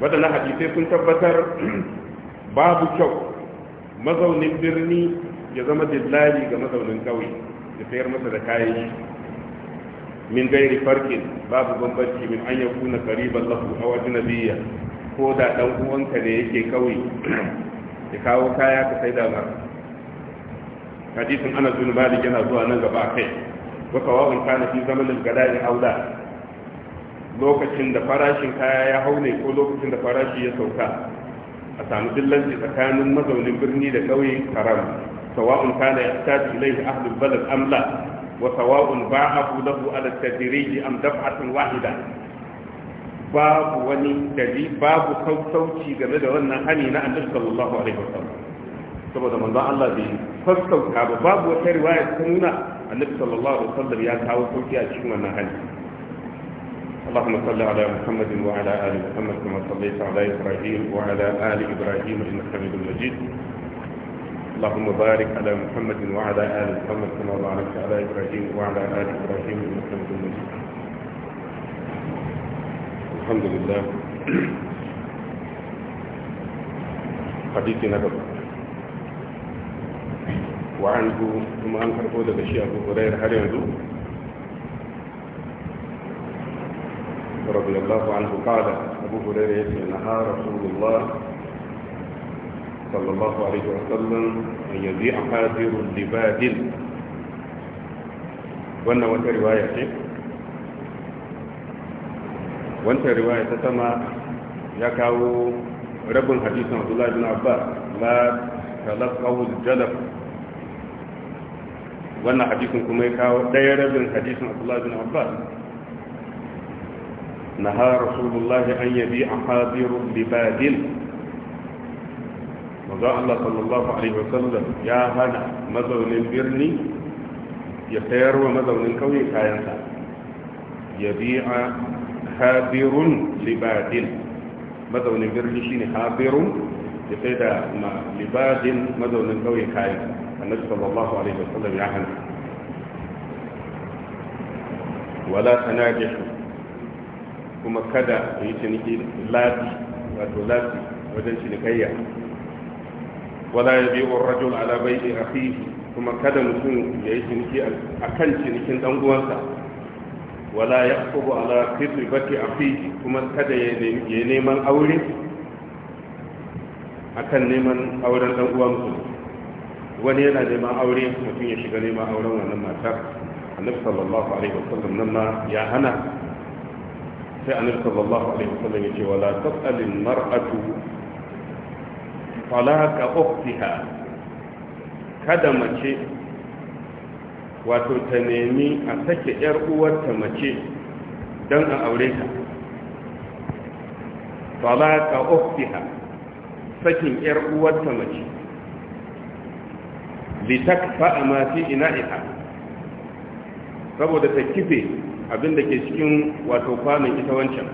waɗannan hadisai sun tabbatar babu kyau mazaunin birni ya zama dillali ga mazaunin ƙauye da sayar masa da kayan min gairi farkin babu bambanci min an yaku na ƙariban lafu a wajen nabiya ko da ɗan uwanka ne yake ƙauye ya kawo kaya ka sai da ba hadisin ana malik yana zuwa nan gaba kai wa kawawun kana fi zamanin gada'i auda lokacin da farashin kaya ya hau ne ko lokacin da farashi ya sauka a samu dillanci tsakanin mazaunin birni da ƙauye haram sawa'un kana ya tafi ilaihi ahlul balad amla wa sawa'un ba'ahu lahu ala tadriji am daf'atin wahida babu wani dali babu sassauci game da wannan hani na annabi sallallahu alaihi wasallam saboda manzon Allah bai sassauta ba babu wata riwaya ta nuna annabi sallallahu alaihi wasallam ya kawo sauki a cikin wannan hali اللهم صل على محمد وعلى آل محمد كما صليت على إبراهيم وعلى آل إبراهيم إنك حميد مجيد اللهم بارك على محمد وعلى آل محمد كما باركت على إبراهيم وعلى آل إبراهيم إنك حميد مجيد الحمد لله حديث نبوي وعنه ثم أنكر قولك الشيخ أبو هريرة هل ينزل رضي الله عنه قال أبو هريرة نهى رسول الله صلى الله عليه وسلم أن يبيع حاذر لباد وأن وانت رواية وانت رواية تتمى يكاو رب حديث عبد الله بن عباس لا تلقوا الجلب وانا حديث كما يكاو دير رب الحديث عبد الله بن عباس نهى رسول الله أن يبيع حاضر لبادل وقال الله صلى الله عليه وسلم يا هنا مزون البرني يخير ومزون الكوي كاينتا يبيع حاضر لبادل مزون البرني شيني حاضر ما لبادل مزون الكوي كاينتا النبي صلى الله عليه وسلم يا هنا ولا تناجحوا kuma kada a yi ciniki lati wato lati wajen cinikayya wala ya bi rajul ala bai'i akhihi kuma kada mutum ya yi ciniki akan cinikin dan uwansa wala ya kubu ala baki akhihi kuma kada ya neman aure akan neman auren dan uwan wani yana neman aure mutum ya shiga neman auren wannan matar annabi sallallahu alaihi wasallam nan ma ya hana sai annabi sallallahu alaihi wasallam ya ce wala tasalin mar'atu ka ukhtiha kada mace wato ta nemi a sake yar uwarta mace dan a aure ta ka ukhtiha sakin yar uwarta mace litakfa ma fi ina'iha saboda ta kife abin da ke cikin wato kwanon ita wancan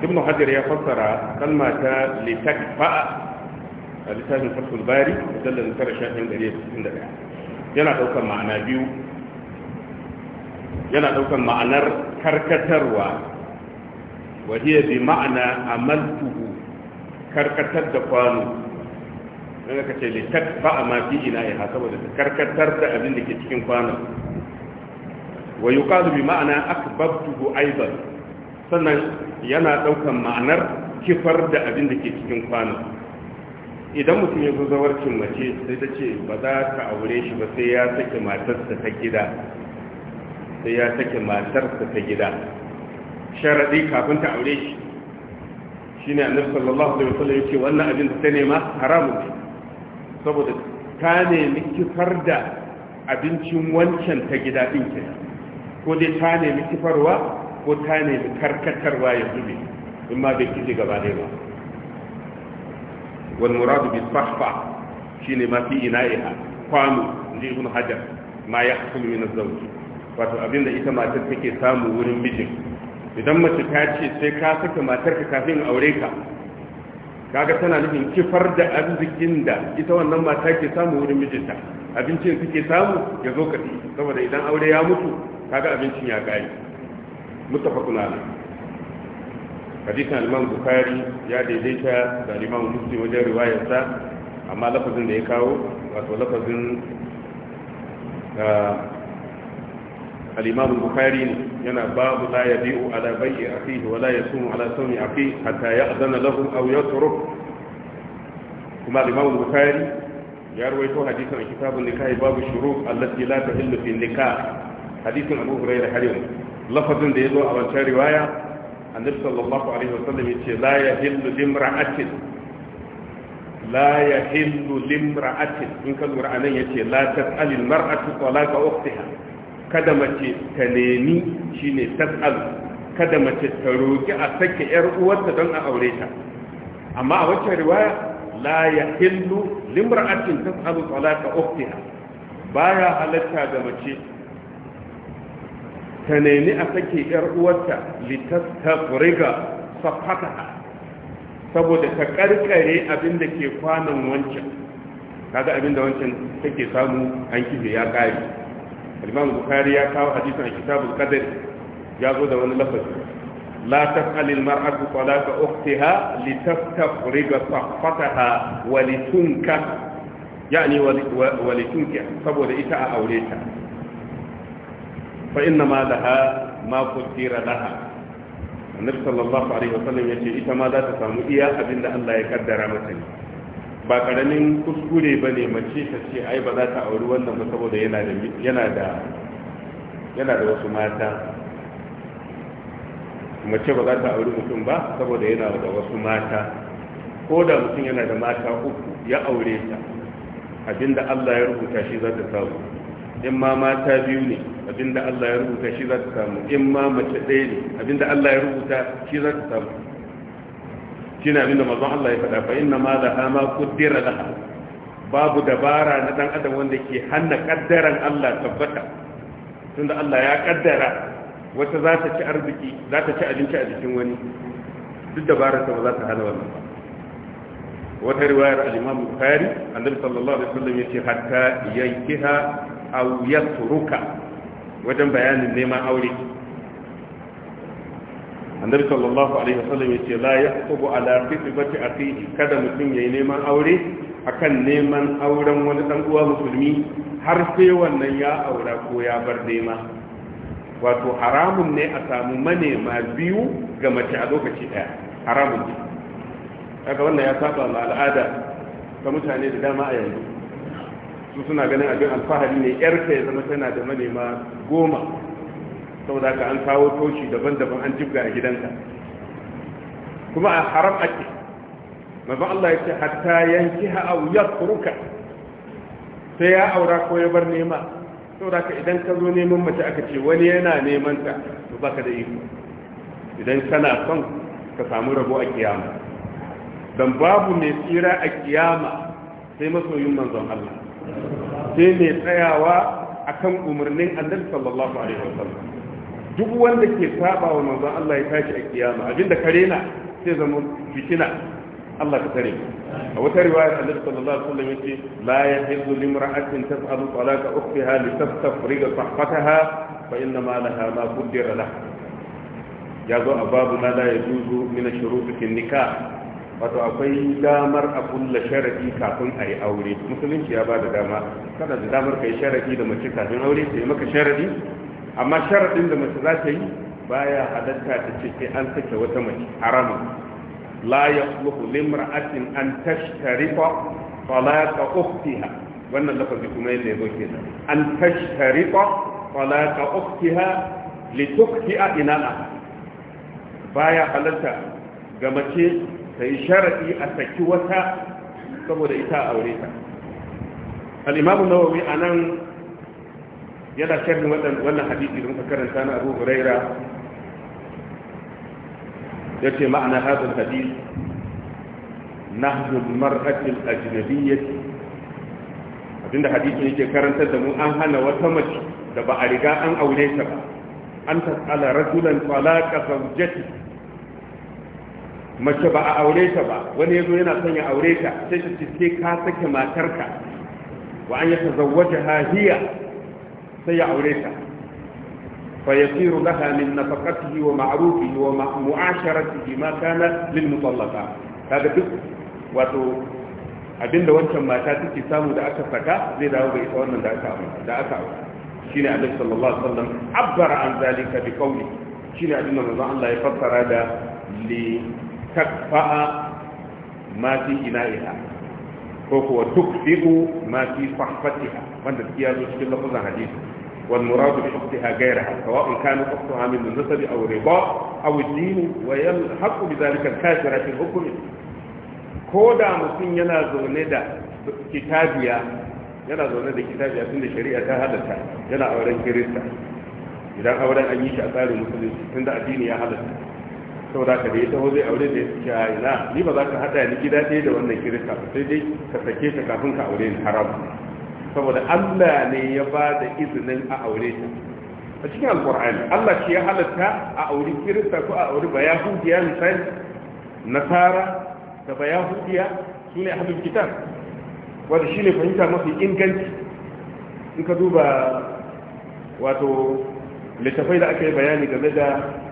ibn hajar ya fassara kalma ta litakfa a littafin fasul bari mujallar tara shafin gare da ɗaya yana ɗaukar ma'ana biyu yana ɗaukar ma'anar karkatarwa wahiyar bi ma'ana amaltuhu karkatar da kwano don ka ce litakfa a mafi ina ya saboda karkatar da abin da ke cikin kwanon wa yuqalu bi ma'ana aka akbabtuhu aidan sannan yana daukan ma'anar kifar da abin da ke cikin kwano idan mutum ya zo zawarcin mace sai ta ce ba za ta aure shi ba sai ya sake matarsa ta gida sai ya sake matarsa ta gida sharadi kafin ta aure shi Shi shine annabi sallallahu alaihi wasallam yace wannan abin da ta nema haramun ne saboda ka nemi kifar da abincin wancan ta gida din kenan ko dai ta nemi kifarwa ko ta nemi karkatarwa ya zube in ma bai kije gaba ɗaya ba wal muradu bi sahfa shine ma fi ina'iha kwano ji ibn hajar ma ya hasulu min az-zawj wato abinda ita matar take samu wurin mijin idan mace ta ce sai ka saka matarka kafin aure ka kaga tana nufin kifar da arzikin da ita wannan mata ke samu wurin mijinta abincin suke samu ya zo kaɗi saboda idan aure ya mutu kaga abincin ya kai muttafaqun ne hadisin al-imam bukhari ya daidaita da al-imam muslim wajen riwayar sa amma lafazin da ya kawo wato lafazin ah, al-imam bukhari ne yana babu la bi'u ala bai'i akhihi wa la yasumu ala sawmi akhihi hatta ya'dana lahu aw yatruk kuma al-imam bukhari ya rawaito hadisan kitabun nikah babu shuruq allati la tahillu fi nikah hadisin abu hurairah har yau lafazin da ya zo a wancan riwaya annabi sallallahu alaihi wasallam ce la ya limra atin. la ya limra atin. in ka lura anan ya ce la tas'alil mar'atu talaqa ukhtiha kada mace ta nemi shine tsal. kada mace ta roki a sake yar uwarta don a aure ta amma a wancan riwaya la ya limra atin yahillu limra'atin tas'alu talaqa ukhtiha baya halatta da mace ta nemi a sake yar uwarta litastafriga safataha saboda ta karkare abin da ke kwanan wancan kaga abin da wancan take samu an kife ya kare al-imam ya kawo a kitabun qadr ya zo da wani lafazi la taf'al al-mar'atu talaqa ukhtiha litastafriga safataha wa litunka yani wa litunka saboda ita a aure ta fa inna ma laha ma kutira laha annabi sallallahu alaihi wasallam yace ita ma za ta samu iya abin da Allah ya kaddara mata ne ba karamin kuskure bane mace ta ce ai ba za ta auri wannan ba saboda yana da yana da yana da wasu mata mace ba za ta auri mutum ba saboda yana da wasu mata ko da mutum yana da mata uku ya aure ta abinda Allah ya rubuta shi za ta samu in ma mata biyu ne abinda Allah ya rubuta shi za ta samu in ma mace ɗaya ne abinda Allah ya rubuta shi za ta samu shi ne abinda mazan Allah ya faɗa fa'in inna ma da hama kuddira laha babu dabara na ɗan adam wanda ke hanna kaddaran Allah tabbata tun da Allah ya ƙaddara wata za ta ci arziki za ta ci abinci a jikin wani duk dabararsa ba za ta hana wannan ba wata riwayar al-Imam Bukhari annabi sallallahu alaihi wasallam yace hatta yankiha auyaturuka wajen bayanin neman aure annabi sallallahu alaihi wasallam ya ce la yaqtubu ala fitbati akhihi kada mutum yayi neman aure akan neman auren wani dan uwa musulmi har sai wannan ya aura ko ya bar nema wato haramun ne a samu manema biyu ga mace a lokaci daya haramun ne kaga wannan ya saba ma al'ada ta mutane da dama a yanzu su suna ganin abin alfahari ne yarka ya zama tana da manema goma saboda ka an kawo toshi daban-daban an jibga a gidanka kuma a haram ake mazan Allah ya ce hatta yanki ha'au ya furuka sai ya aura ko ya bar nema saboda ka idan ka zo neman mace aka ce wani yana neman ta to baka da iko idan kana son ka samu rabo a kiyama dan babu mai tsira a kiyama sai masoyin manzon Allah sai mai tsayawa a kan umarnin annabi sallallahu alaihi wasallam duk wanda ke saba wa manzon Allah ya tashi a kiyama abinda kare na sai zama fitina Allah ka tare a wata riwaya annabi sallallahu alaihi wasallam yace la yahillu limra'atin tas'alu talaqa ukhtiha li tastafriga sahfataha fa inna ma laha ma qaddara lah ya zo a babu ma la yajuzu min ash-shurut nikah wato akwai damar a kulla sharadi kafin a yi aure musulunci ya ba da dama kana da damar ka yi sharadi da mace kafin aure ta yi maka sharadi amma sharadin da mace za ta yi baya halatta ta ce sai an sake wata mace harama la ya yasluhu limra'atin an tashtarifa talaqa ukhtiha wannan lafazi kuma yadda ya zoke ta an tashtarifa talaqa ukhtiha litukti'a ina'a baya halatta ga mace ta yi sharaɗi a saki wata saboda ita a aure ta al'imamu nawawi a nan yana sharhin wannan hadisi da muka karanta na abu huraira ya ce ma'ana hadin hadis nahdu mar'atil ajnabiyyah abinda hadisin yake karantar da mu an hana wata mace da ba a riga an aure ta ba an tasala rajulan talaqa zawjati mace ba a aure ta ba wani yazo yana son ya aure ta sai ta ce sai ka sake matarka wa an yatazawwaja hiya sai ya aure ta fa yasiru laha min nafaqatihi wa ma'rufihi wa mu'asharatihi ma kana lil mutallaqa kaga duk wato abinda wancan mata take samu da aka saka zai dawo ga ita wannan da aka aure da aka aure shine annabi sallallahu alaihi wasallam abbara an zalika bi qawli shine abinda manzon Allah ya fassara da li takfa'a ma fi ina'iha ko kuwa tukfi'u ma fi sahfatiha wanda ya zo cikin lafazan hadisi wal muradu bi hukmiha ghayraha sawa'un kana qasduha min an-nasab aw riba aw ad-din wa yalhaqu bi dhalika al-kafira fi hukmi ko da mutum yana zaune da kitabiya yana zaune da kitabiya tunda shari'a ta halatta yana auren kirista idan auren an yi shi a tsarin musulunci tunda addini ya halatta saboda ka da ya taho zai aure da ya suke a ina ni ba za ka haɗa ni gida ɗaya da wannan kirista ba sai dai ka sake ta kafin ka aure ni haram saboda Allah ne ya ba da izinin a aure ta a cikin alkur'ani Allah shi ya halatta a aure kirista ko a aure auri yahudiya misali nasara da yahudiya su ne ahlul kitab wanda shine fahimta mafi inganci in ka duba wato littafai da aka yi bayani game da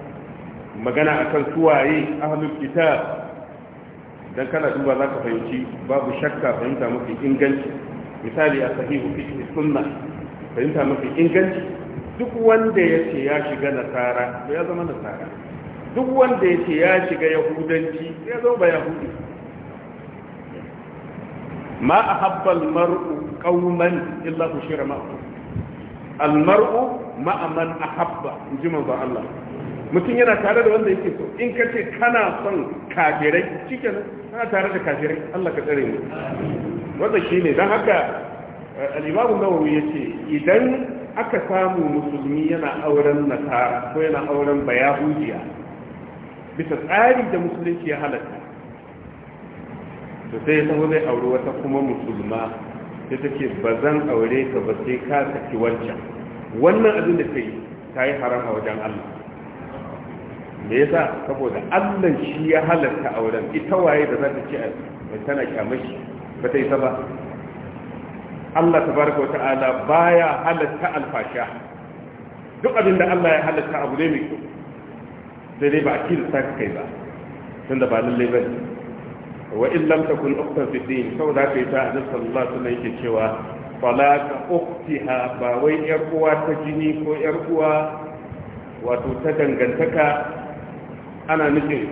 magana akan suwaye ahlul kitab Don kana duba za ka fahimci babu shakka fahimta mafi inganci misali a sahihu fiqh sunna fahimta mafi inganci duk wanda ya ce ya shiga nasara to ya zama nasara duk wanda ya ce ya shiga yahudanci ya zo ba yahudi ma a ahabbal mar'u qauman illa bushira ma'ahu al mar'u ma'a man ahabba inji manzo Allah mutum yana tare da wanda yake so in ka ce kana son kafirai nan kana tare da kafirai Allah ka tsare mu wanda ne don haka eh, na wuri ya ce idan aka samu musulmi yana auren nasara ko yana auren bayahudiya bisa tsari da musulunci ya halatta to sai ya taho zai auri wata kuma musulma sai ta ce ba zan aure ka ba sai ka saki wancan wannan abin da ka yi ta yi haram a wajen Allah me yasa saboda Allah shi ya halatta auren ita waye da za ta ce tana kyamashi ba ta yi ta ba Allah tabaraka wata'ala baya halatta alfasha duk abin da Allah ya halatta abu ne mai kyau sai dai ba ki da sa kai ba tunda ba lalle ba wa in lam takun ukhtan fi din da kai ta annabi sallallahu alaihi wasallam yake cewa ka uktiha ba wai yar uwa ta jini ko yar uwa wato ta dangantaka ana nufin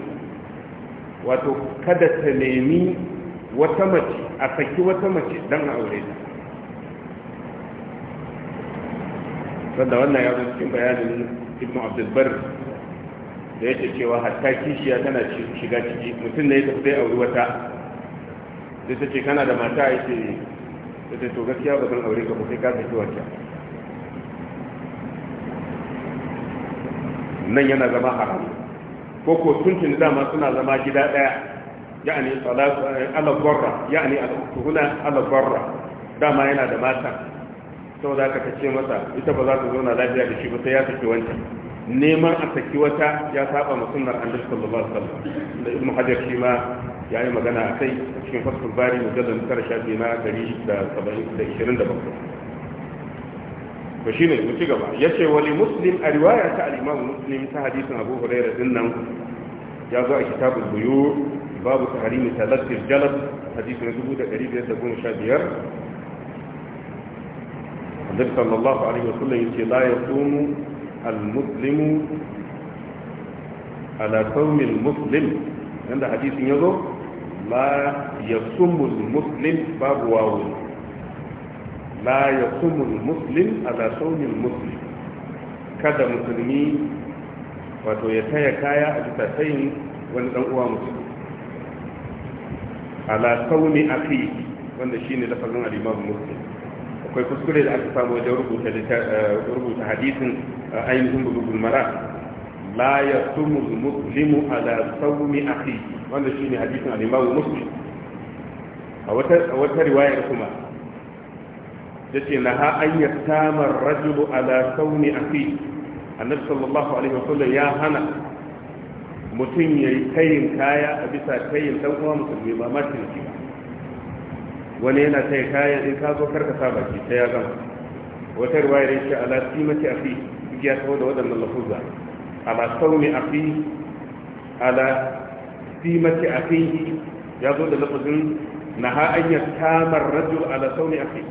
wato kada ta nemi wata mace a saki wata mace don a aure ta sanda wannan yawon cikin bayanin ibn abdulbar da yake cewa hatta kishiya tana shiga ciki mutum ne ya tafi sai auri wata da ta ce kana da mata a yake da ta to gaskiya ba zan aure ka ba sai ka saki wancan nan yana zama haram ko ko tuntun dama suna zama gida daya yani eh, ala barra yani al-tuhuna ala barra dama yana da mata saboda haka ka ce masa ita ba za ta zauna lafiya da shi ba sai ya saki wancan neman a saki wata ya saba ma sunnar annabi sallallahu alaihi wasallam da ibnu hajar shi ma ya yi magana a kai cikin fasul bari mujallal 19 shafi na 127 to shine mu ci gaba yace wali muslim a riwaya ta al-imam muslim ta hadisin abu hurairah din nan ya zo a kitabul buyu babu tahrim talaqqi al-jalas hadisin 1515 Annabi sallallahu alaihi wasallam yace la yasumu al-muslimu ala saumin muslim yanda hadisin ya zo la muslim babu wawu la ya kumul muslim ala saunin muslim kada musulmi wato ya taya kaya a bisa sayin wani dan uwa musulmi ala sauni akhi wanda shi ne lafazin al-imam muslim akwai kuskure da aka samu wajen rubuta eh, rubuta hadisin eh, ainihin bulugul mara la ya yasumul muslimu ala sauni akhi wanda shi ne hadisin al-imam muslim a wata riwayar kuma yace na ha an yi yaktama rajulu ala kauni afi annabi sallallahu alaihi wasallam ya hana mutum ya yi tayin kaya a bisa tayin dan uwa musulmi ba ma ciniki ba wani yana tayin kaya in ka zo karka sa baki ta ya zama. wata riwaya ya ce ala simati duk ya tawo da wadannan lafuza ala sauni afi ala simati fi ya zo da lafazin na ha an yi yaktama rajulu lasauni a fi.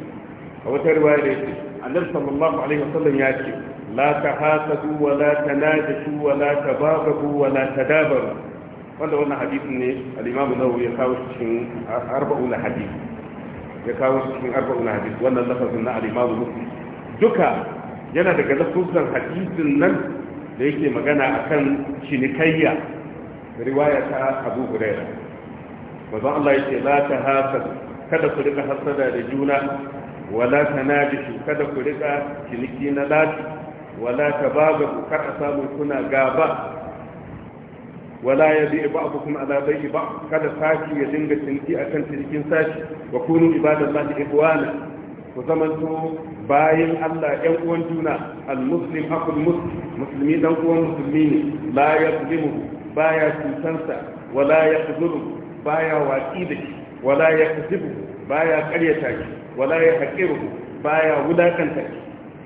a wata riwaya da yake annabi sallallahu alaihi wasallam ya ce la tahasadu wa la tanajashu wa la tababu wa la tadabaru wanda wannan hadisin ne al-imam nawawi ya kawo cikin arba'un hadith ya kawo cikin arba'un hadith wannan lafazin na al-imam muslim duka yana daga lafazin hadisin nan da yake magana akan cinikayya riwaya ta abu hurairah manzon Allah yake la tahasadu kada ku rika hasada da juna wala ta na da shuka da ku rika ciniki na lati wala ta tabagabu ku kada samun kuna gaba wala ya yabi ba'dukum ala bay'i ba'd kada Saki ya dinga ciniki akan cinikin sashi wa kunu ibadallahi ikhwana ku zamanto bayan Allah ƴan uwan juna al-muslim akul muslim musulmi dan uwan musulmi ne la yazlimu baya cutansa wala yaqduru baya watsi da shi wala yakzibu baya ƙaryata shi wala ya haƙiru baya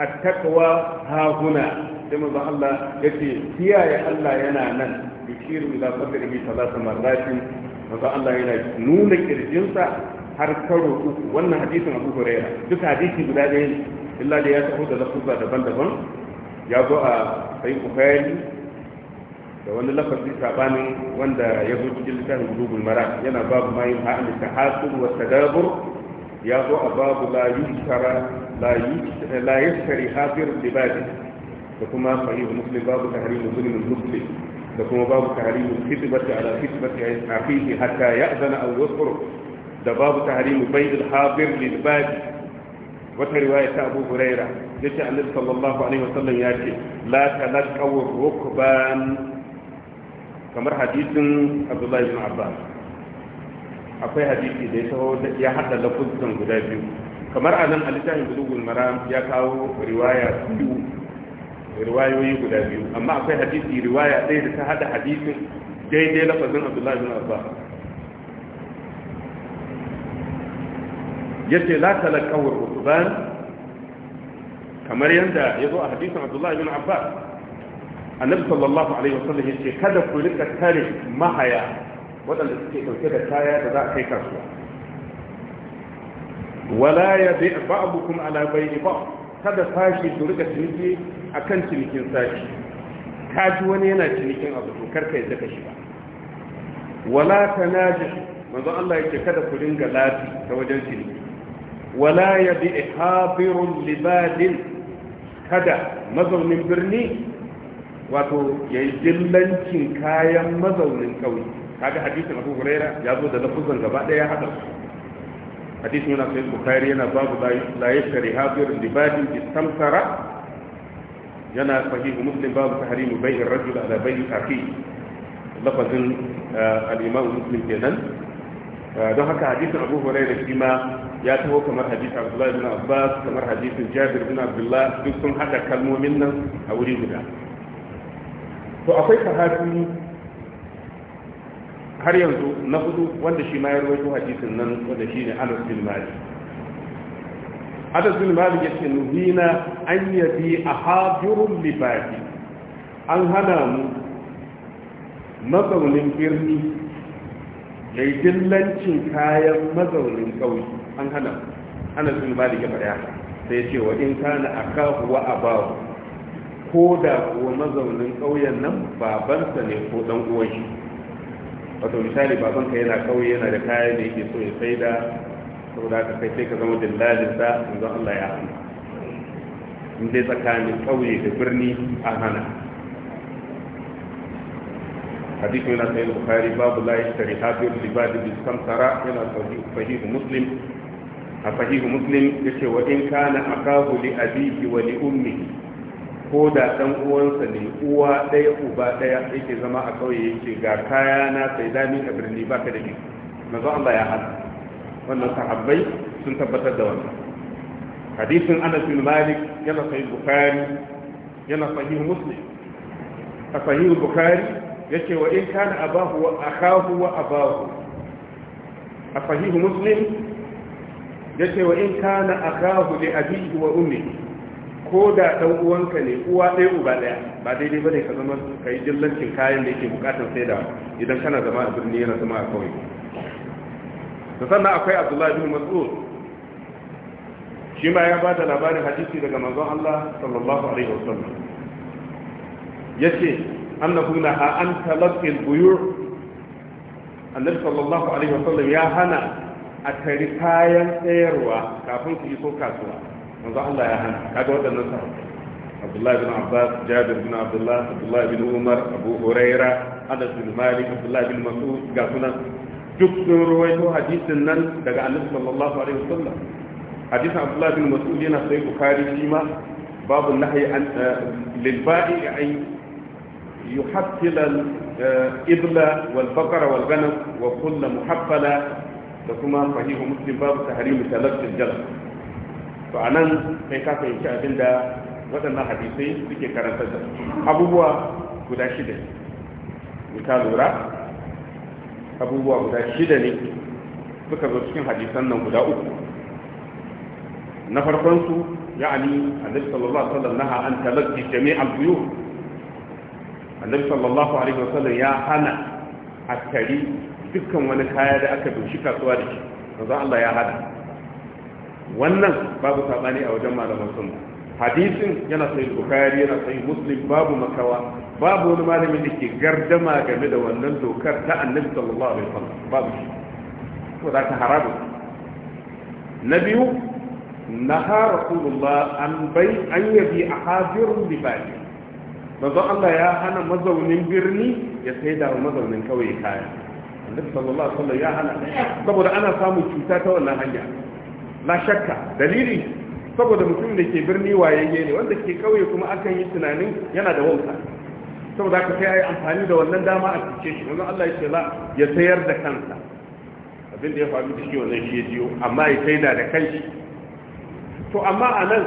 A attaqwa ha huna sai manzo Allah yace kiyaye Allah yana nan yushiru ila qadrihi thalatha marratin manzo Allah yana nuna kirjinsa har karo uku wannan hadisin Abu Hurairah duk hadisi guda ɗaya ne illa da ya taho da lafuzza daban-daban ya zo a sai Bukhari da wani lafazi sabanin wanda ya zo cikin littafin Global Marat yana babu mayin ha'ani tahassul wa tadabur ya zo a babu la yushkara la yushkari hafir libadi da kuma Fahim muslim babu tahrimu zulmin muslim da kuma babu tahrimu fitbati ala fitbati akhihi hatta ya'zana aw yusfur da babu tahrimu bayd al-hadir lil-badi wata riwaya ta Abu Huraira yace Annabi sallallahu alaihi wasallam yace la talaqaw rukban kamar hadisin Abdullahi ibn Abbas akwai hadisi da ya ya hada lafuzan guda biyu kamar a nan a littafin bulugul maram ya kawo riwaya biyu riwayoyi guda biyu amma akwai hadisi riwaya ɗaya da ta hada hadisin daidai lafazin abdullahi bin Abba. abbas yace la talaqawar rukban kamar yadda ya zo a hadisin abdullahi bin abbas annabi sallallahu alaihi wasallam ce kada ku rika tare mahaya waɗanda suke ɗauke da kaya da za a kai kasuwa wala ya bi ba'dukum ala bayni ba'd kada sashi su rika ciniki a kan cinikin sashi kaji wani yana cinikin abu to karka yadda ka shiga wala ta tanajis manzo Allah yake kada ku dinga lafi ta wajen ciniki wala ya bi habirun libadin kada mazaunin birni wato yayi dillancin kayan mazaunin ƙauye. kaga hadisin abu huraira ya zo da lafuzan gaba daya hada hadisin yana sai bukari yana babu la yashri hadir libadi istamsara yana sahihu muslim babu tahrimu bai'ir rajul ala bai'i akhi lafazin eh, al muslim kenan eh, don haka hadisin abu huraira shi ma ya taho kamar hadisin abdullahi bin abbas kamar hadisin jabir bin abdullah duk sun hada kalmomin nan a wuri guda to akwai sahabi har yanzu na hudu wanda shi ma ya rawaito hadisin nan wanda shi ne Anas bin Malik Anas bin Malik yace nuhina an yabi ahadirul libadi an hana mu mazaunin birni da dillancin kayan mazaunin ƙauye. an hana Anas bin Malik ya faɗa sai ce wa in kana akahu wa abahu ko da kuwa mazaunin ƙauyen nan babansa ne ko ɗan uwan shi wato misali ka yana kauye yana da kaya da yake so ya saida saboda ka kai sai ka zama dillalin sa in yanzu Allah ya hana in dai tsakanin kauye da birni a hana babu حديث من سيد البخاري باب لا يشتري حافظ لباد بالسمسرة من صحيح مسلم صحيح مسلم يقول li abiki wa li ummi ko da dan uwansa ne uwa ɗaya uba ɗaya yake zama a kauye yake ga kaya na sai dami a birni baka da biyu. manzo Allah ya hada wannan sahabbai sun tabbatar da wannan hadisin Anas bin Malik yana sahih Bukhari yana sahih Muslim a sahih Bukhari yace wa in kana abahu wa akahu wa abahu a sahih Muslim yace wa in kana akahu li abihi wa ummihi ko da ɗan uwanka ne uwa ɗaya uba ɗaya ba daidai ba ne ka zama ka yi jillancin kayan da yake bukatar saida idan kana zama a birni yana zama a kawai. da sannan akwai abdullahi bin mas'ud shi ma ya da labarin hadisi daga manzon Allah sallallahu alaihi wasallam yace annahu la an talaqi buyur. buyu annabi sallallahu alaihi wasallam ya hana a tari kayan tsayarwa kafin su iso kasuwa من الله أهم هذا هو النصر عبد الله بن عباس جابر بن عبد الله عبد الله بن عمر أبو هريرة أنس بن مالك عبد الله بن مسعود قالنا جبت رويت حديث النن دعا النبي صلى الله عليه وسلم حديث عبد الله بن مسعود لنا في البخاري فيما باب النهي عن للبائع أن يحفل الإبل والبقر والغنم وكل محفلة ثم صحيح مسلم باب تحريم ثلاثة الجلد to a nan sai ka fahimci abin da waɗannan hadisai suke karanta da abubuwa guda shida ne ka lura abubuwa guda shida ne suka zo cikin hadisan nan guda uku na farkon su ya'ani annabi sallallahu alaihi wasallam naha an talaqi jami'al buyu annabi sallallahu alaihi wasallam ya hana a tari dukkan wani kaya da aka doshi kasuwa da shi za Allah ya hada. wannan babu sabani a wajen malaman sunna hadisin yana sai bukari yana sai muslim babu makawa babu wani malamin da ke gardama game da wannan dokar ta annabi sallallahu alaihi wasallam babu shi ko da ta harabu na biyu naha rasulullah an bai an yabi a hajirun libani manzo Allah ya hana mazaunin birni ya sai da mazaunin kawai kaya annabi sallallahu alaihi wasallam ya hana saboda ana samun cuta ta wannan hanya la shakka dalili saboda mutum da ke birni wayayye ne wanda ke kauye kuma akan yi tunanin yana da wauta saboda haka sai ai amfani da wannan dama a cike shi wannan Allah ya la ya sayar da kansa abin da ya faru da shi wannan shi ya jiyo amma ya saida da kanshi to amma a nan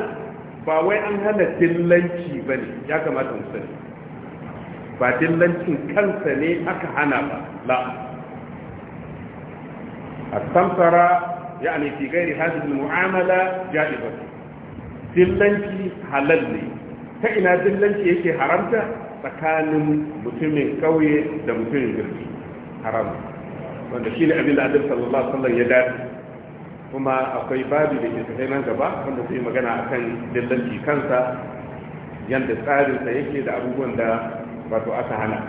ba wai an hana dillanci ba ne ya kamata mu sani ba dillancin kansa ne aka hana ba la a samsara yani في غير هذه mu'amala جائزة dillanci halal ne ta ina dillanci yake haramta tsakanin mutumin kauye da mutumin birni haram wanda shine abin da Annabi sallallahu alaihi wasallam ya dace kuma akwai babu da ke tafi nan gaba wanda zai magana akan dillanci kansa yanda tsarin sa yake da abubuwan da wato aka hana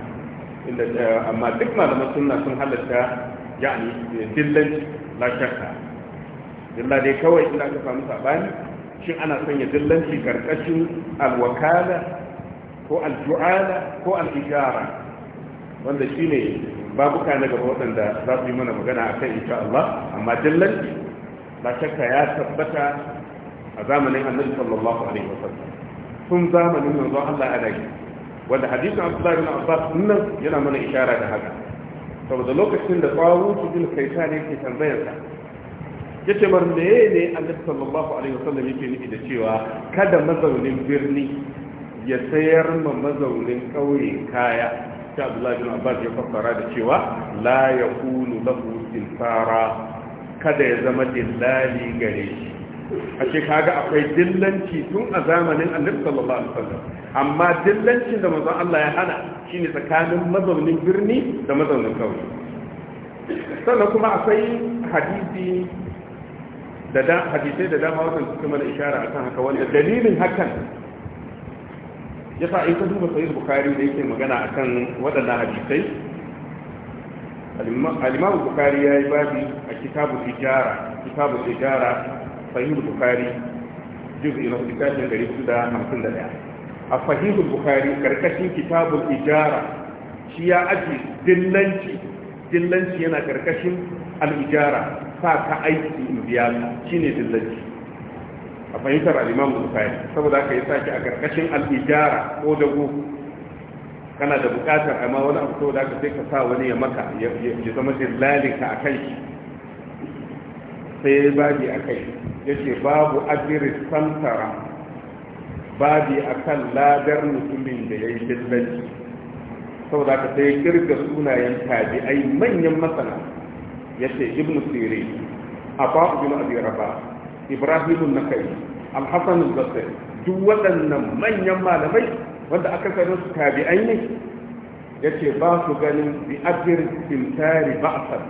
inda amma duk malaman sunna sun halatta yani dillanci la shakka illa dai kawai ina ka samu sabani shin ana sanya dillanci karkashin alwakala ko aljuala ko al-ijara wanda shine babuka na gaba waɗanda za su yi mana magana a kan insha Allah amma dillanci ba shakka ya tabbata a zamanin annabi sallallahu alaihi wasallam tun zamanin manzon Allah a dake wanda hadisin Abdullah bin Abbas nan yana mana ishara da haka saboda lokacin da tsawon su bin kaita ne ke tambayarsa ya ce mar ne annabi sallallahu alaihi wasallam yake nufi da cewa kada mazaunin birni ya sayar ma mazaunin kauye kaya ta abdullahi bin abbas ya fassara da cewa la yaqulu lahu tilfara kada ya zama dillali gare shi a ce kaga akwai dillanci tun a zamanin annabi sallallahu alaihi wasallam amma dillancin da manzon Allah ya hana shine tsakanin mazaunin birni da mazaunin ƙauye sannan kuma akwai hadisi da da hadisai da dama wannan suka mana ishara akan haka wanda dalilin hakan yasa in ka duba sahih bukhari da yake magana akan waɗannan hadisai al-imam bukhari yayi babi a kitabu tijara kitabu tijara sahih bukhari juz'i na kitabin 451 a sahih bukhari karkashin kitabul ijara shi ya aji dillanci dillanci yana karkashin al-ijara sa ka aiki in biya shi shine dillaci a fahimtar al musayar saboda ka yi sake a karkashin al'ijara ko ko dago kana da bukatar amma wani abu saboda ka sai ka sa wani ya maka ya zama dillalin ka kai shi sai ya babi a kai yace babu ajiris samtara babi kan ladar mutumin da ya yi dillaci saboda ka sai kirga sunayen tabi'ai manyan masana yace ibnu sirin abu bin abi rabah ibrahim an-nakai al-hasan al-basri duk waɗannan manyan malamai wanda aka sanin su tabi'ai ne yace ba su ganin bi ajr timtari ba'sa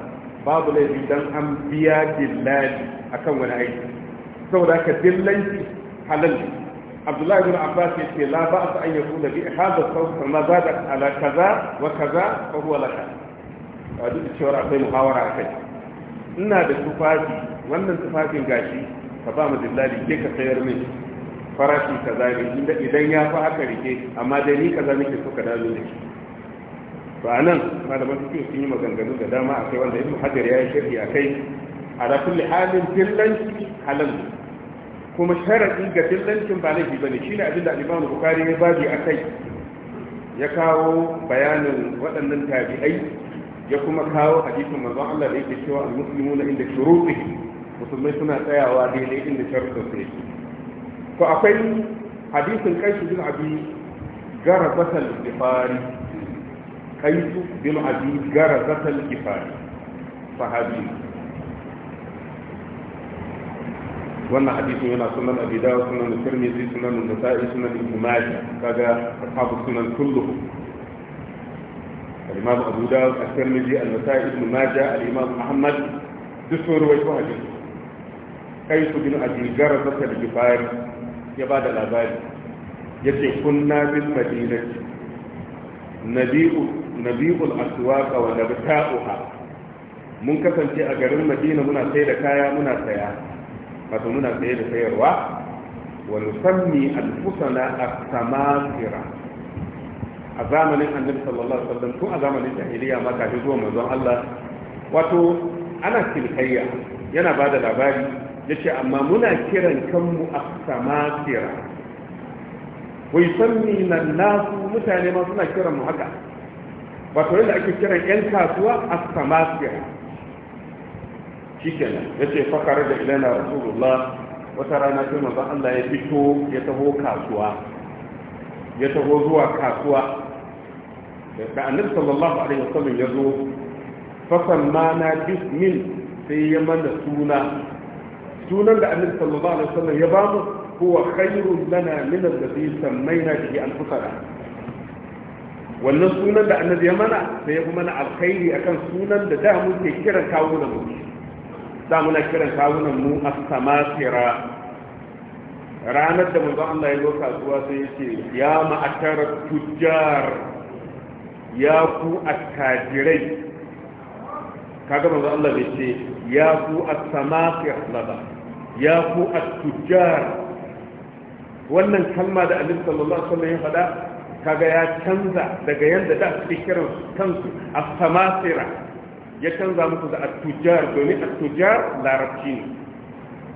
babu laifi dan an biya dillahi akan wani aiki saboda ka dillanci halal ne abdullahi bin abbas yace la ba'sa an yakuna bi hada sawt ma zada ala kaza wa kaza fa huwa laka a duk da cewar akwai muhawara a kai ina da tufafi wannan tufafin gashi ka ba mu dillali ke ka sayar min farashi ka zare idan ya fi haka rike amma dai ni kaza nake ke ka dazo da shi to a nan malaman fiƙi sun yi maganganu da dama a kai wanda ibn hajar ya yi sharhi a kai a da kulli halin dillanci halin kuma sharaɗi ga dillancin ba laifi ba ne shi ne abin da imam bukari ya baji a kai ya kawo bayanin waɗannan tabi'ai ya kuma kawo hadisin manzon Allah da yake cewa al-muslimuna inda shurutihi musulmai suna tsayawa daidai inda sharuɗin su yake to akwai hadisin kaisu bin abi garazatal gifari kaisu bin abi garazatal gifari sahabi wannan hadisin yana sunan abi dawud sunan tirmidhi sunan nasa'i sunan ibn majah kaga ashabu sunan kulluhum الإمام أبو داود الترمذي النسائي ابن ماجه الإمام محمد دستور ويتو حديث قيس بن أبي جرزة الجفاري يبعد الأباري يتي كنا بالمدينة نبيء نبيء الأسواق ونبتاؤها mun kasance a garin madina muna sai da kaya muna saya wato muna saye da sayarwa wa nusammi al-fusana as-samasira a zamanin annabi sallallahu alaihi wasallam tun a zamanin jahiliya ma kafin zuwa manzon Allah wato ana tilkayya yana ba da labari yace amma muna kiran kanmu as-samakira wa yusammi nas mutane ma suna kiran mu haka wato yadda ake kiran yan kasuwa as-samakira shikenan yace fakara da ilana rasulullah wata rana sai manzon Allah ya fito ya taho kasuwa ya taho zuwa kasuwa da annabi sallallahu alaihi wasallam ya zo fasan mana bismin sai ya mana suna sunan da annabi sallallahu alaihi wasallam ya bamu huwa khairun lana min alladhi sammayna bihi anfusana wannan sunan da annabi ya mana sai ya mana alkhairi akan sunan da da muke kiran kawunan mu da muna kiran kawunan mu as-samasira ranar da manzo Allah ya zo kasuwa sai ya ce ya ma'atar tujjar ya ku attajirai kaga manzo Allah bai ce ya ku as-samaqi ahlaba ya ku at-tujjar wannan kalma da Annabi sallallahu alaihi wasallam ya faɗa kaga ya canza daga yanda da suke kiran kansu as-samaqira ya canza musu da at-tujjar domin at-tujjar larabci ne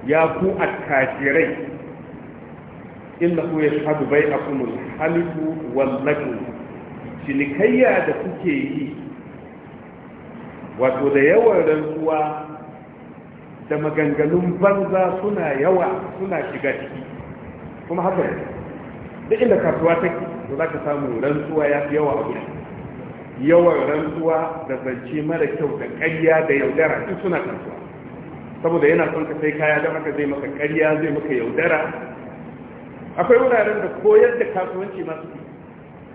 ya ku attajirai innahu yashhadu bai'akumul halifu wal najm cinikayya da kuke yi wato da yawan rantsuwa da maganganun banza suna yawa suna shiga ciki kuma haka ne duk inda kasuwa take to za ka samu rantsuwa ya fi yawa a gudu yawan rantsuwa da zance mara kyau da ƙarya da yaudara duk suna kasuwa saboda yana son ka sai kaya don haka zai maka ƙarya zai maka yaudara akwai wuraren da koyar da kasuwanci masu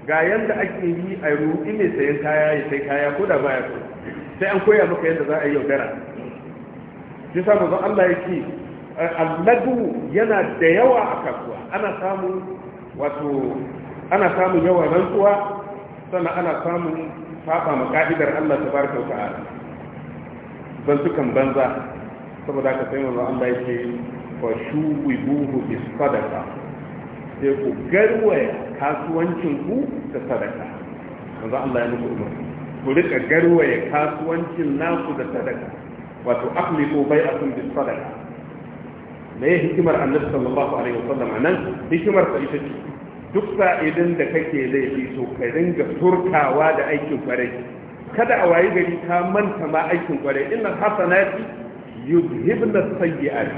ga yanda ake yi a ruɗi mai sayan kaya ya sai kaya ko da baya kuma sai an koya maka yadda za a yi yaudara shi sa mazan Allah ya ce? alladu yana da yawa a kasuwa ana samun wato ana samun yawan rantsuwa sannan ana samun saba ma ka'idar Allah ta barka wa ta'ala ban sukan banza saboda haka sai mazan Allah ce wa shubu buhu bis sadaqa sai ku garwaya kasuwancinku da sadaka manzo Allah ya muku umar. ku rika garwaya kasuwancin naku da sadaka wato ko bai a bai'akum bis sadaka me ya hikimar annabi sallallahu alaihi wasallam anan hikimar sa ita ce duk sa'idin da kake laifi to kai dinga turkawa da aikin kwarai kada a wayi gari ka manta ma aikin kwarai innal hasanati yuzhibna sayyi'at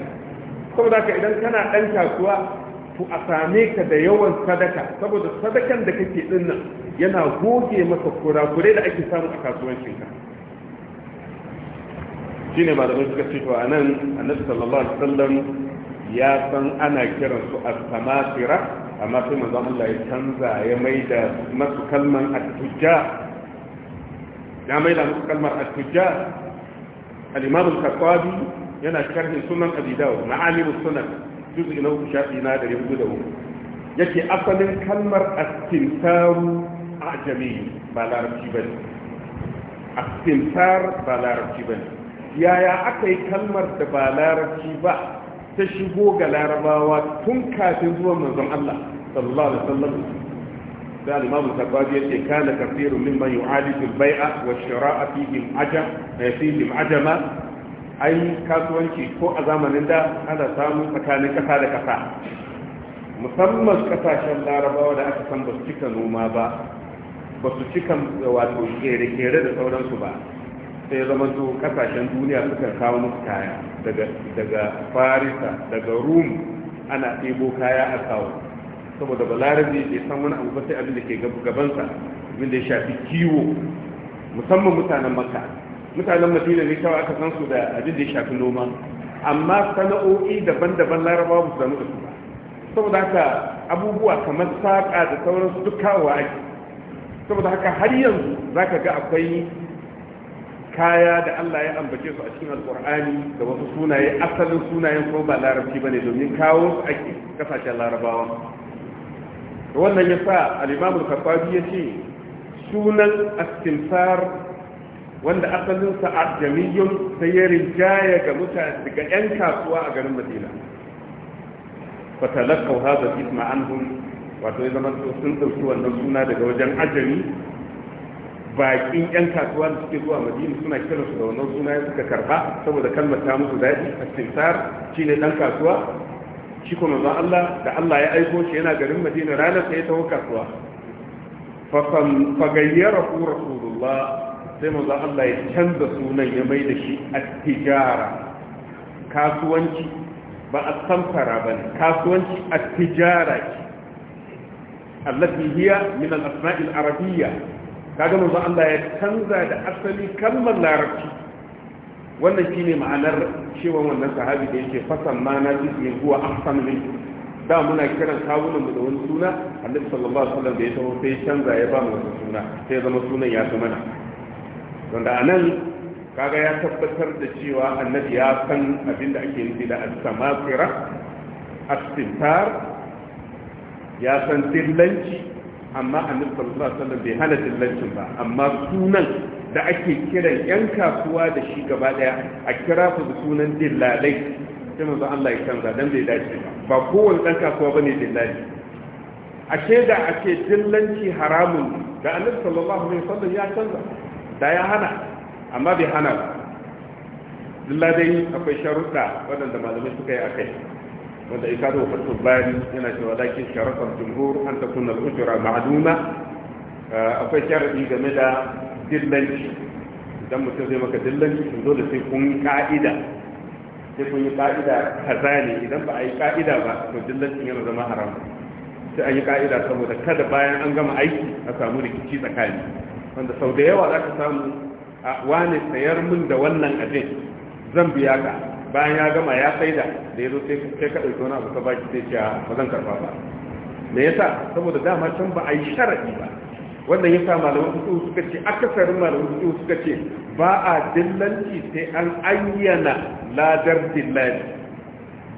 saboda ka idan kana dan kasuwa to a same ka da yawan sadaka saboda sadakan da kake din nan yana goge maka kurakurai da ake samu a kasuwancinka shi ne malamai suka ce to a nan annabi sallallahu alaihi wasallam ya san ana kiran su as-samasira amma sai manzon Allah ya canza ya maida masu kalman at-tujja ya maida masu kalmar at-tujja al-imam al-khattabi yana sharhin sunan abi dawud ma'alimus sunan juz'i na uku shafi na dari hudu da uku yake asalin kalmar astintaru ajami ba larabci ba ne astintar ba larabci ba ne yaya aka yi kalmar da ba larabci ba ta shigo ga larabawa tun kafin zuwan manzon Allah sallallahu alaihi wasallam da al-imam al-tabari yace kana kafirun mimman yu'alifu al-bai'a wa shira'a fihim ajam eh, fihim ajama ai kasuwanci ko a zamanin da ana samun tsakanin kasa da kasa musamman kasashen larabawa da aka san ba su cika noma ba ba su cika wato kere-kere da sauransu ba sai zama su kasashen duniya suka kawo musu kaya daga farisa daga rum ana ɗebo kaya a kawo saboda ba larabi bai san wani abu ba sai abin da ke gabansa abin da ya shafi kiwo musamman mutanen makka mutanen madina ne kawai aka san su da abin da ya shafi noma amma sana'o'i daban-daban larabawa ba su damu da su ba saboda haka abubuwa kamar saƙa da sauransu duka wa ake saboda haka har yanzu za ka ga akwai kaya da Allah ya ambace su a cikin alkur'ani da wasu sunaye asalin sunayen ko ba larabci ba ne domin kawo su ake kasashen larabawa wannan ya sa al'imamul kafafi ya ce sunan astimsar wanda asalin sa ajamiyun sai ya rinjaya ga mutane daga yan kasuwa a garin madina fatalakau hadha isma anhum wato ya zama sun dauki wannan suna daga wajen ajami bakin yan kasuwa da suke zuwa madina suna kiran su da wannan suna ya suka karba saboda kalmar ta musu daɗi astintar shine dan kasuwa shi kuma zan Allah da Allah ya aiko shi yana garin Madina ranar sai ya taho kasuwa fa gayyara rasulullah sai maza Allah ya canza sunan ya mai da shi a tijara kasuwanci ba a samfara ba ne kasuwanci a tijara ce allati min al-asma' kaga manzo Allah ya canza da asali kalmar larabci wannan shine ma'anar cewa wannan sahabi da yake fasan mana na ismin huwa ahsan min da muna kiran kawunan da wani suna annabi sallallahu alaihi wasallam da ya taho sai canza ya ba mu suna sai zama sunan ya zama na wanda a nan kaga ya tabbatar da cewa annabi ya san abin da ake nufi da al-samakira astintar ya san dillanci amma annabi sallallahu alaihi wasallam bai hana dillancin ba amma sunan da ake kiran yan kasuwa da shi gaba daya a kira su da sunan dillalai sai manzo Allah ya canza dan bai dace ba ba kowanne dan kasuwa bane dillali ashe da ake dillanci haramun da annabi sallallahu alaihi wasallam ya canza da ya hana amma bai hana ba lalla dai akwai sharuɗa waɗanda malamai suka yi a kai wanda ika da wafarsu bayani yana cewa lakin sharafar jumhur an ta kuna al'ujura ma'aduna eh, akwai sharaɗi game da dillanci idan mutum zai maka dillanci sun dole sai kun ka'ida sai kun yi ka'ida kaza ne idan ba a yi ka'ida ba to dillancin yana zama haram sai an yi ka'ida saboda kada bayan an gama aiki a samu rikici tsakani wanda sau da yawa za ka samu a wane sayar min da wannan abin zan biya ka bayan ya gama ya saida da ya zo sai ka ɗauki wani abu ka baki sai ya ba zan karɓa ba me yasa saboda dama can ba a yi sharaɗi ba wannan yasa malaman su suka ce akasarin malaman su suka ce ba a dillanci sai an ayyana ladar dillali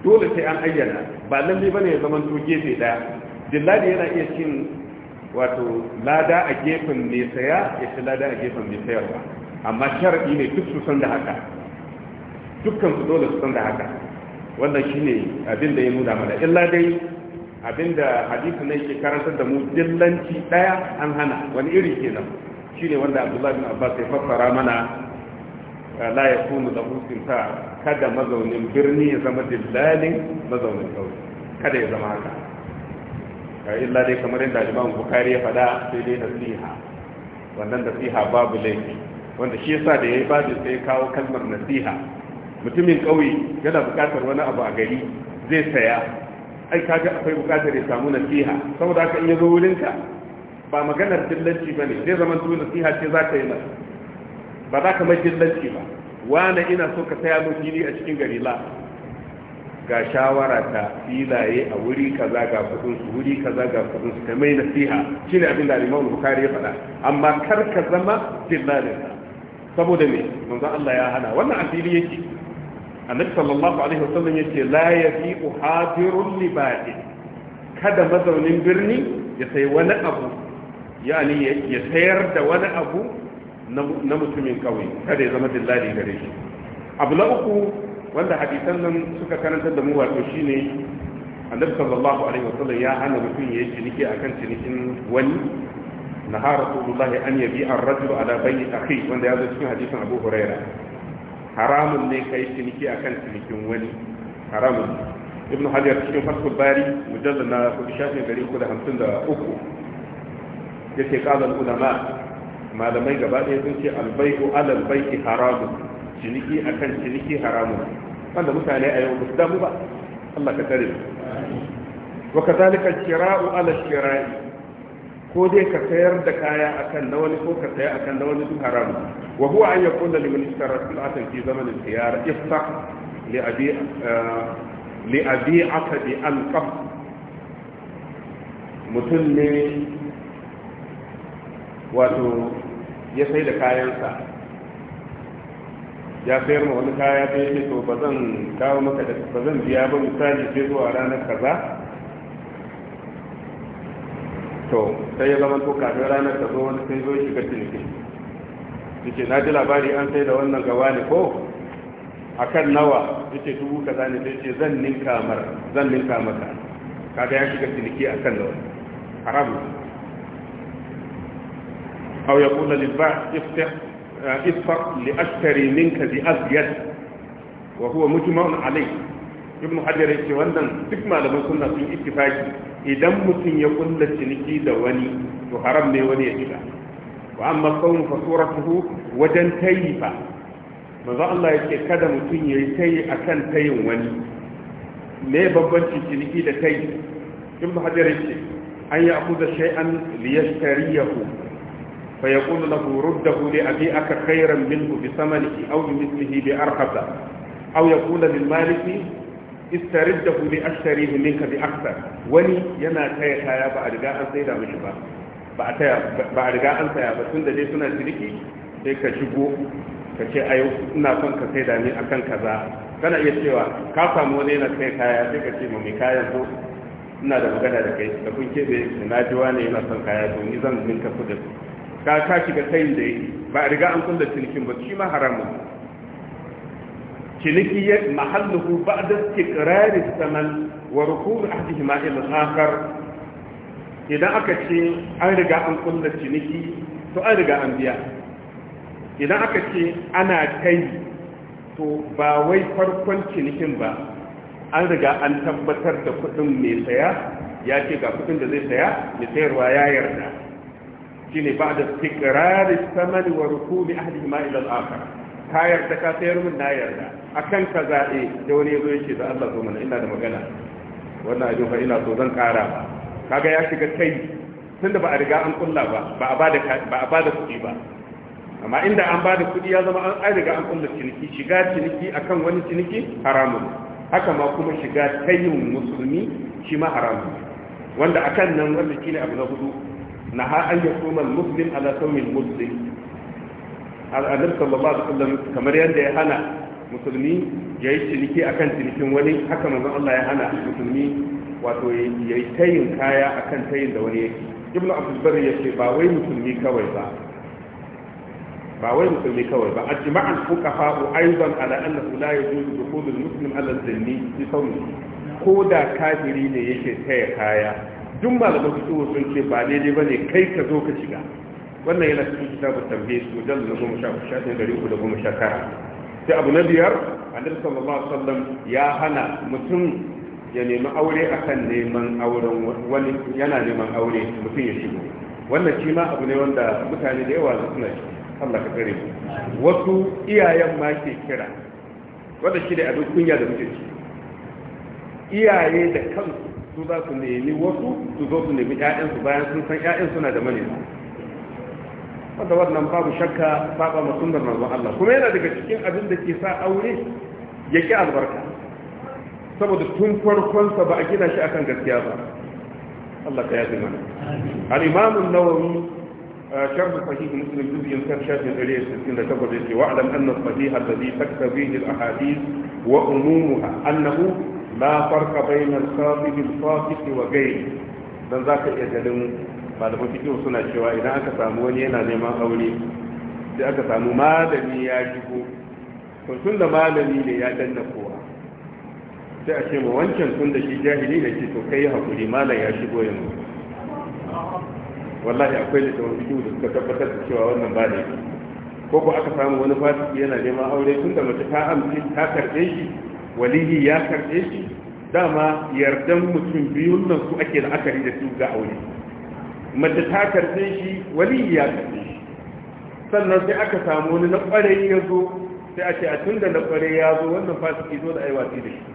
dole sai an ayyana ba lalle bane ya zama to gefe daya dilladi yana iya cin wato lada a gefen mai saya ya fi lada a gefen mai sayarwa amma sharaɗi ne duk su san da haka dukkan su dole su san da haka wannan shi ne abin da ya nuna mana illa dai abin da hadisi na ke karantar da mu dillanci daya an hana wani iri kenan ne wanda Abdullahi bin Abbas ya fassara mana la yakunu lahu sinta kada mazaunin birni ya zama dillalin mazaunin sauri. kada ya zama haka illa dai kamar yadda Imam Bukhari ya faɗa sai dai nasiha wannan nasiha babu laifi wanda shi yasa da yayi babu sai kawo kalmar nasiha mutumin kauye yana buƙatar wani abu a gari zai saya ai kaga akwai buƙatar ya samu nasiha saboda haka in ya zo wurinka ba maganar dillanci bane zai zama tu nasiha ce za ka yi masa ba za ka mai dillanci ba wani ina so ka saya mun fili a cikin gari la ga shawara ta filaye a wuri kaza ga kudin su wuri kaza ga kudin su kamar nasiha shine abin da Imam Bukhari ya faɗa amma kar ka zama dillalin saboda me manzo Allah ya hana wannan asiri yake Annabi sallallahu alaihi wasallam yace la yafiqu hadirun li ba'in kada mazaunin birni ya sai wani abu yani ya sayar da wani abu na mutumin kauye kada ya zama dillali gare shi abu na uku wanda hadisan nan suka karanta da mu wato shine annabi sallallahu alaihi ya hana mutum ya yi ciniki akan cinikin wani nahara rasulullahi an yabi ar-rajul ala bayni akhi wanda ya zo cikin hadisin abu huraira haramun ne kai ciniki akan cinikin wani haramun ibnu hajar cikin fathul bari mujallad na kudi shafin gari kuda hamsin da uku yake kalan ulama malamai gaba sun ce albayu alal bayti haramun ciniki akan ciniki haramu. wanda mutane a yau su damu ba Allah ka tare wa kadhalika shira'u ala shira'i ko dai ka sayar da kaya akan na wani ko ka saya akan na wani duk haramu. wa huwa an yakuna liman ishtara silatan fi zaman al-khiyar iftah li abi li abi aqdi al-qaf mutum ne wato ya sai da kayansa ya sayar ma wani kaya ta yake to ba zan kawo maka da ba zan biya ba misali sai zuwa ranar kaza to sai ya zama to kafin ranar ta zo wani sai zo shiga ciniki yake na ji labari an sai da wannan gawa ne ko A kan nawa yake dubu kaza ne sai ce zan ninka mar zan ninka maka kaga ya shiga ciniki a kan nawa haramu أو يقول للبعض افتح isfar li ashtari minka bi azyad wa huwa mujma'un alai ibn hajar yake wannan duk malaman sunna sun ittifaki idan mutum ya kunna ciniki da wani to haram ne wani ya shiga wa amma qawmu fa suratuhu wajen tayyifa manzo Allah yake kada mutum yayi tayi akan tayin wani me babbanci ciniki da tayi ibn hajar yake an ya فيقول له رده ruddahu li abi aka khayran minhu bi samanihi aw bi mithlihi bi arhasa aw yaqulu lil maliki istariddahu li ashtarihi minka bi akthar wani yana taya kaya ba a riga an saida ba ba a taya suna sai ka shigo ka ce ayo ina son ka saida ni akan kaza kana iya cewa ka samu wani yana kai kaya sai ka ce mu mai kayan ko ina da magana da kai da kun da na ji wani yana son kaya to ni zan ninka kudin ka ka shiga tayin da yake ba a riga an kunda cinikin ba shi ma haramun ciniki ya mahalluhu ba'da tikrarin saman wa rukun ahdihi ma ila akhar idan aka ce an riga an kunda ciniki to an riga an biya idan aka ce ana kai to ba wai farkon cinikin ba an riga an tabbatar da kudin mai saya ya ce ga kudin da zai saya mai sayarwa ya yarda shine da tikrari samani wa rukubi ahdihima ila al-akhar ka yarda ka sayar min na yarda akan ka zaɓe da wani yazo yake da Allah zo mana ina da magana wannan abin fa ina so zan kara ba kaga ya shiga kai tunda ba a riga an kulla ba ba a bada ba a bada kuɗi ba amma inda an bada kuɗi ya zama an riga an kulla ciniki shiga ciniki akan wani ciniki haramun haka ma kuma shiga tayin musulmi shi ma haramun wanda akan nan wanda shine abu na hudu na ha an ya kuma muslim ala saumin muslim al'adar sallallahu alaihi wasallam kamar yadda ya hana musulmi ya yi ciniki akan cinikin wani haka manzon Allah ya hana musulmi wato ya yi tayin kaya akan tayin da wani yake ibnu abdul barri yace ba wai musulmi kawai ba ba wai musulmi kawai ba ajma al fuqaha aidan ala annahu la yajuzu ko da kafiri ne yake taya kaya duk malaman fitowa sun ce ba daidai ba ne kai ka zo ka shiga wannan yana cikin kitabun tambaye su dan da goma sha dari uku da goma sha tara sai abu na biyar annabi sallallahu alaihi wasallam ya hana mutum ya nemi aure akan neman auren wani yana neman aure mutum ya shigo wannan shi ma abu ne wanda mutane da yawa suna shi Allah ka kare mu wasu iyayen ma ke kira wanda shi ne duk kunya da muke ci iyaye da kansu su za su nemi wasu su zo su nemi ƴaƴansu bayan sun san ƴaƴan suna da manema wanda wannan babu shakka saba ma sunnar manzon Allah kuma yana daga cikin abin da ke sa aure ya ki albarka saboda tun farkon sa ba a gina shi akan gaskiya ba Allah ka yafi mana al-imam an-nawawi sharh sahih muslim juz'in kan shafin 168 yace wa'lam anna as-sahih alladhi taktabihi al-ahadith wa umumuha annahu لا فرق بين khafidil fasiq wa ghayr dan zaka iya ganin malaman fiqh suna cewa idan aka samu wani yana neman aure sai aka samu malami ya shigo to tun da malami ne ya danna kowa sai a ce mu wancan tun da shi jahili ne ke to kai hakuri malam ya shigo yanzu wallahi akwai da tsawon fiƙi da suka tabbatar da cewa wannan ba ne ko ko aka samu wani fasiki yana neman aure tun da mace ta amince ta karɓe shi walihi ya karɓe shi dama yardan mutum biyun nan su ake la'akari da su ga aure mace ta karɓe shi walihi ya karɓe shi sannan sai aka samu wani na ƙwarai ya zo sai a ce a tun da na ƙwarai ya zo wannan fasiki zo da aiwati da shi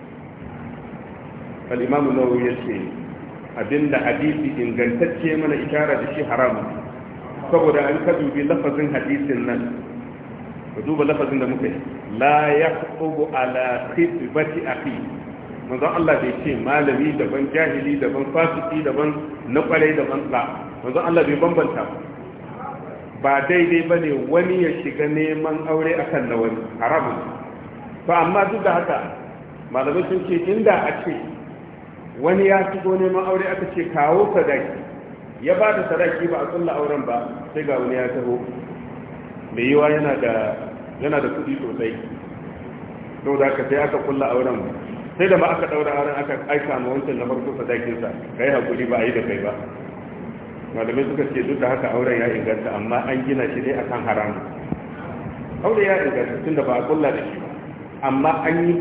al'imamu nawawi ya ce abinda hadisi ingantacce mana ishara da shi haramu saboda an ka dubi lafazin hadisin nan ku duba lafazin da muka yi la kubu ala khitbati akhi manzo Allah bai ce malami daban jahili daban fasiki daban na kwarai daban la manzo Allah bai bambanta ba daidai bane wani ya shiga neman aure akan na wani haramun to amma duk da haka malamai sun ce inda a ce wani ya shigo neman aure aka ce kawo sadaki ya ba da sadaki ba a tsulla auren ba sai ga wani ya taho mai yiwa yana da yana da kuɗi sosai don da aka sai aka kulla auren sai da ba aka ɗaura auren aka aika ma wancan na farko sadakinsa yi hakuri ba a yi da kai ba malamai suka ce duk da haka auren ya inganta amma an gina shi ne akan haramu aure ya inganta tun da ba a kulla da shi ba amma an yi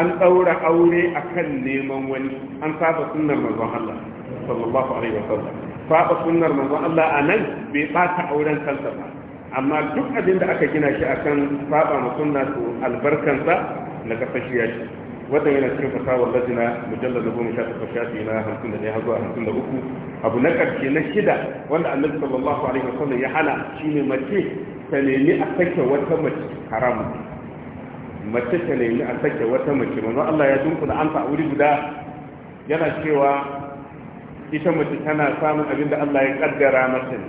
an ɗaura aure akan neman wani an saba sunnar manzon Allah sallallahu alaihi wasallam saba sunnar manzon Allah a nan bai ɓata auren kansa ba amma duk abin da aka gina shi akan saba ma sunna to albarkansa na kasashiya shi wannan yana cikin fasawar lazina mujallar na goma sha takwas shafi na hamsin da ɗaya har zuwa hamsin da uku abu na ƙarshe na shida wanda annabi sallallahu alaihi wasallam ya hana shi ne mace ta nemi a sake wata mace haramu mace ta nemi a sake wata mace manzo Allah ya dunkuna an fa wuri guda yana cewa ita mace tana samun abin da Allah ya kaddara mata ne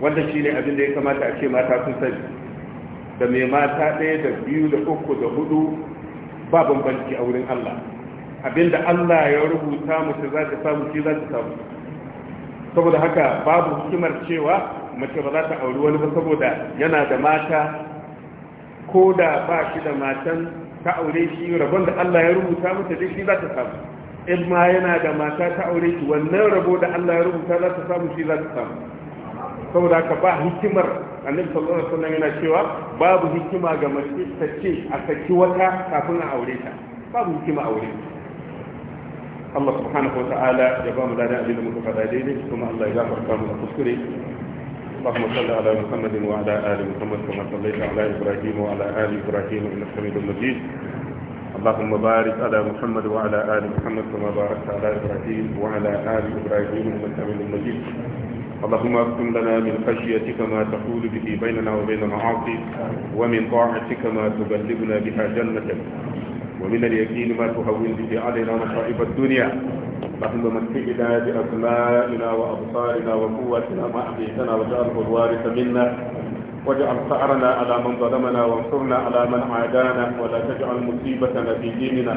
wanda ne abin da ya kamata a ce mata sun sani da mai mata ɗaya da biyu da uku da hudu ba bambanci a wurin Allah abinda Allah ya rubuta mace za ta samu shi za ta samu saboda haka babu hikimar cewa mace ba za ta auri wani ba saboda yana da mata ko da ba shi da matan ta aure shi rabon da Allah ya rubuta mata dai shi za ta samu in ma yana da mata ta aure shi wannan rabo da Allah ya rubuta za ta samu shi za ta samu saboda haka ba hikimar annabi sallallahu alaihi wasallam yana cewa babu hikima ga mace ta ce a saki wata kafin a aure ta babu hikima aure Allah subhanahu wata'ala ya ba mu da abin da muka faɗa daidai kuma Allah ya gafarta mu da kuskure اللهم صل على محمد وعلى ال محمد كما صليت على ابراهيم وعلى ال ابراهيم انك حميد مجيد اللهم بارك على محمد وعلى ال محمد كما باركت على ابراهيم وعلى ال ابراهيم انك حميد مجيد اللهم اكتم لنا من خشيتك ما تحول به بيننا وبين معاصيك ومن طاعتك ما تبلغنا بها جنتك ومن اليقين ما تهون به علينا مصائب الدنيا اللهم متعنا بأسمائنا وأبصارنا وقوتنا ما أحييتنا واجعله الوارث منا واجعل ثأرنا على من ظلمنا وانصرنا على من عادانا ولا تجعل مصيبتنا في ديننا